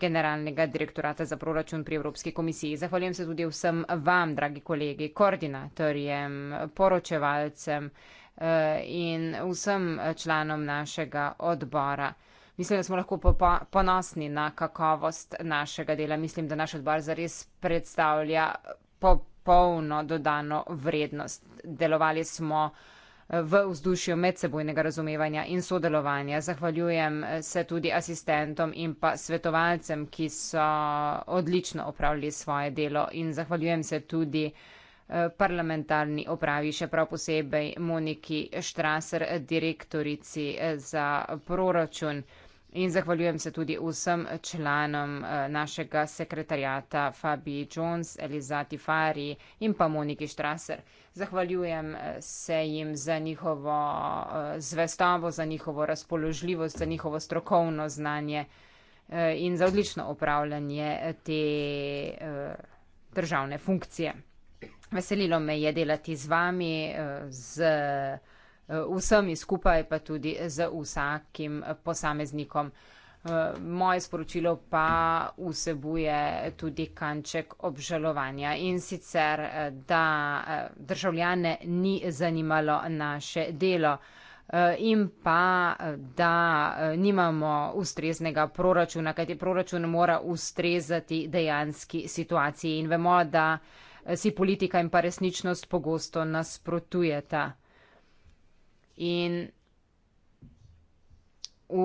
generalnega direktorata za proračun pri Evropski komisiji. Zahvaljujem se tudi vsem vam, dragi kolegi, koordinatorjem, poročevalcem eh, in vsem članom našega odbora. Mislim, da smo lahko ponosni na kakovost našega dela. Mislim, da naš odbor zares predstavlja popolno dodano vrednost. Delovali smo v vzdušju medsebojnega razumevanja in sodelovanja. Zahvaljujem eh, se tudi asistentom in pa svetovalcem, ki so odlično opravili svoje delo in zahvaljujem se tudi eh, parlamentarni opravi, še prav posebej Moniki Štraser, direktorici eh, za proračun. In zahvaljujem se tudi vsem članom eh, našega sekretarjata Fabi Jones, Elizati Fari in pa Moniki Strasser. Zahvaljujem eh, se jim za njihovo eh, zvestavo, za njihovo razpoložljivost, za njihovo strokovno znanje in za odlično upravljanje te državne funkcije. Veselilo me je delati z vami, z vami. Eh, vsemi skupaj, pa tudi z vsakim posameznikom. Eh, moje sporočilo pa vsebuje tudi kanček obžalovanja in sicer, eh, da državljane ni zanimalo naše delo in pa, da nimamo ustreznega proračuna, kajti proračun mora ustrezati dejanski situaciji in vemo, da si politika in pa resničnost pogosto nasprotujeta. In v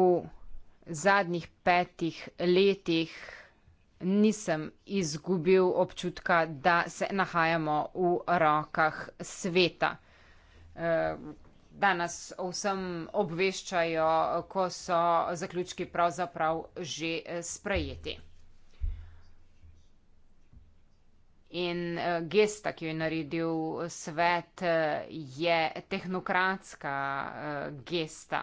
zadnjih petih letih nisem izgubil občutka, da se nahajamo v rokah sveta. Eh, danes vsem obveščajo, ko so zaključki pravzaprav že sprejeti. In eh, gesta, ki jo je naredil eh, svet, eh, je tehnokratska gesta.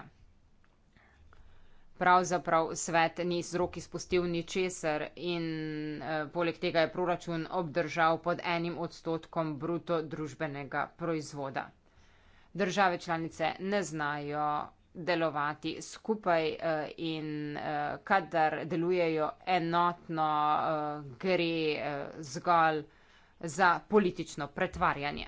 Pravzaprav svet ni z roki spustil ničesar in poleg tega je proračun obdržal pod enim odstotkom bruto družbenega proizvoda. Države članice ne znajo delovati skupaj eh, in eh, kadar delujejo enotno, eh, gre zgolj za politično pretvarjanje.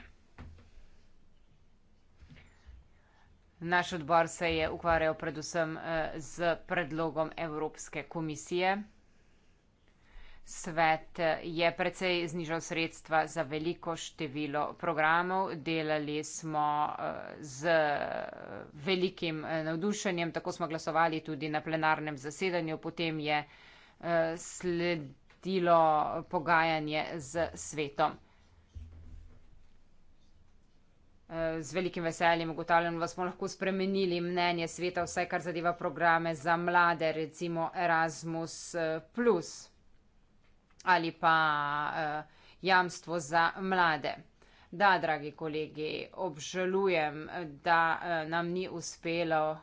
Naš odbor se je ukvarjal predvsem z predlogom Evropske komisije svet je precej znižal sredstva za veliko število programov. Delali smo eh, z eh, velikim eh, navdušenjem, tako smo glasovali tudi na plenarnem zasedanju, potem je sledilo pogajanje z svetom. Z velikim veseljem ugotavljam, da smo lahko spremenili mnenje sveta, vse kar zadeva programe za mlade, recimo Erasmus ali pa uh, jamstvo za mlade. Da, dragi kolegi, obžalujem, da uh, nam ni uspelo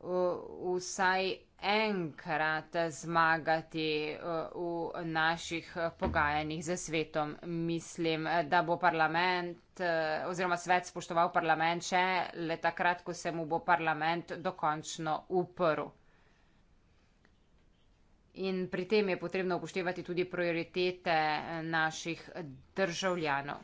uh, vsaj enkrat zmagati uh, v naših pogajanjih za svetom. Mislim, da bo parlament uh, oziroma svet spoštoval parlament še le takrat, ko se mu bo parlament dokončno uprl. In pri tem je potrebno upoštevati tudi prioritete eh, naših državljanov.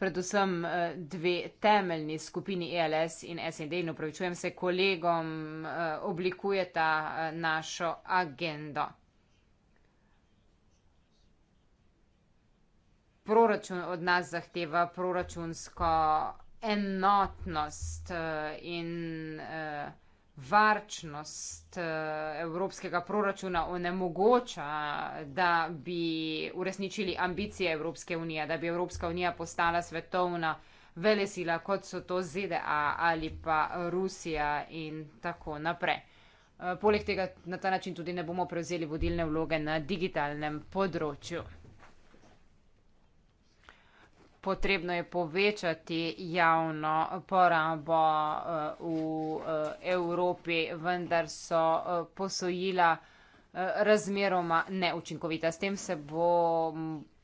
Predvsem eh, dve temeljni skupini ELS in SND, in upravičujem se kolegom, eh, oblikujeta našo agendo. Proračun od nas zahteva proračunsko enotnost in. Uh, varčnost eh, evropskega proračuna onemogoča, da bi uresničili ambicije Evropske unije, da bi Evropska unija postala svetovna velesila, kot so to ZDA ali pa Rusija in tako naprej. Eh, poleg tega na ta način tudi ne bomo prevzeli vodilne vloge na digitalnem področju potrebno je povečati javno porabo eh, v eh, Evropi, vendar so eh, posojila razmeroma neučinkovita. S tem se bo,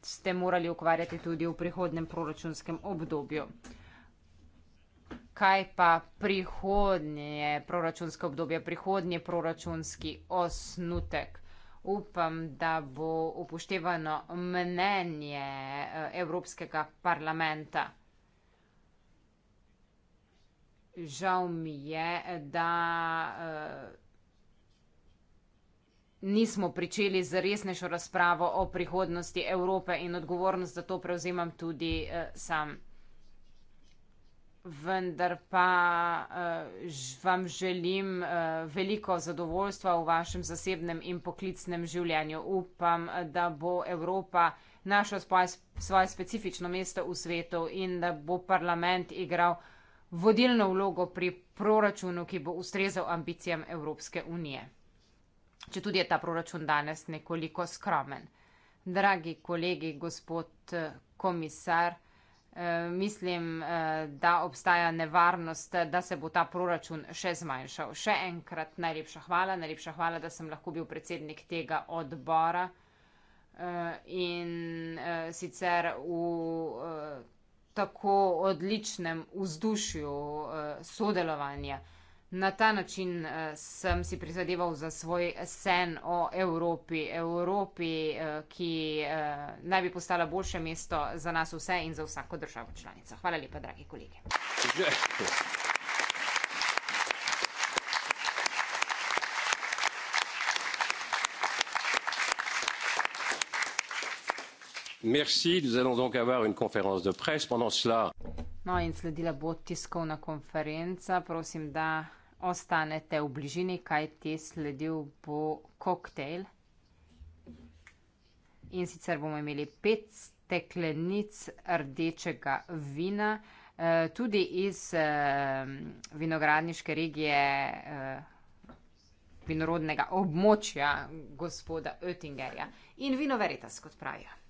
ste morali ukvarjati tudi v prihodnem proračunskem obdobju. Kaj pa prihodnje proračunsko obdobje, prihodnje proračunski osnutek? upam, da bo upoštevano mnenje eh, Evropskega parlamenta. Žal mi je, da eh, nismo pričeli z resnejšo razpravo o prihodnosti Evrope in odgovornost za to prevzemam tudi eh, sam vendar pa uh, vam želim uh, veliko zadovoljstva v vašem zasebnem in poklicnem življenju. Upam, da bo Evropa našla svoje, svoje specifično mesto v svetu in da bo parlament igral vodilno vlogo pri proračunu, ki bo ustrezal ambicijam Evropske unije. Če tudi je ta proračun danes nekoliko skromen. Dragi kolegi, gospod eh, komisar, Eh, mislim, eh, da obstaja nevarnost, da se bo ta proračun še zmanjšal. Še enkrat najlepša hvala, najlepša hvala, da sem lahko bil predsednik tega odbora. Eh, in sicer v tako odličnem vzdušju sodelovanja. Na ta način eh, sem si prizadeval za svoj sen o Evropi, Evropi, eh, ki eh, naj bi postala boljše mesto za nas vse in za vsako državo članico. Hvala lepa, dragi kolegi. Merci, nous allons donc avoir une conférence de presse pendant cela. No, in sledila bo tiskovna konferenca, prosim, da ostanete v bližini, kaj ti sledil bo koktejl. In sicer bomo imeli pet steklenic rdečega vina, eh, tudi iz eh, vinogradniške regije, eh, vinorodnega območja gospoda Oettingerja in vino veritas, kot pravijo.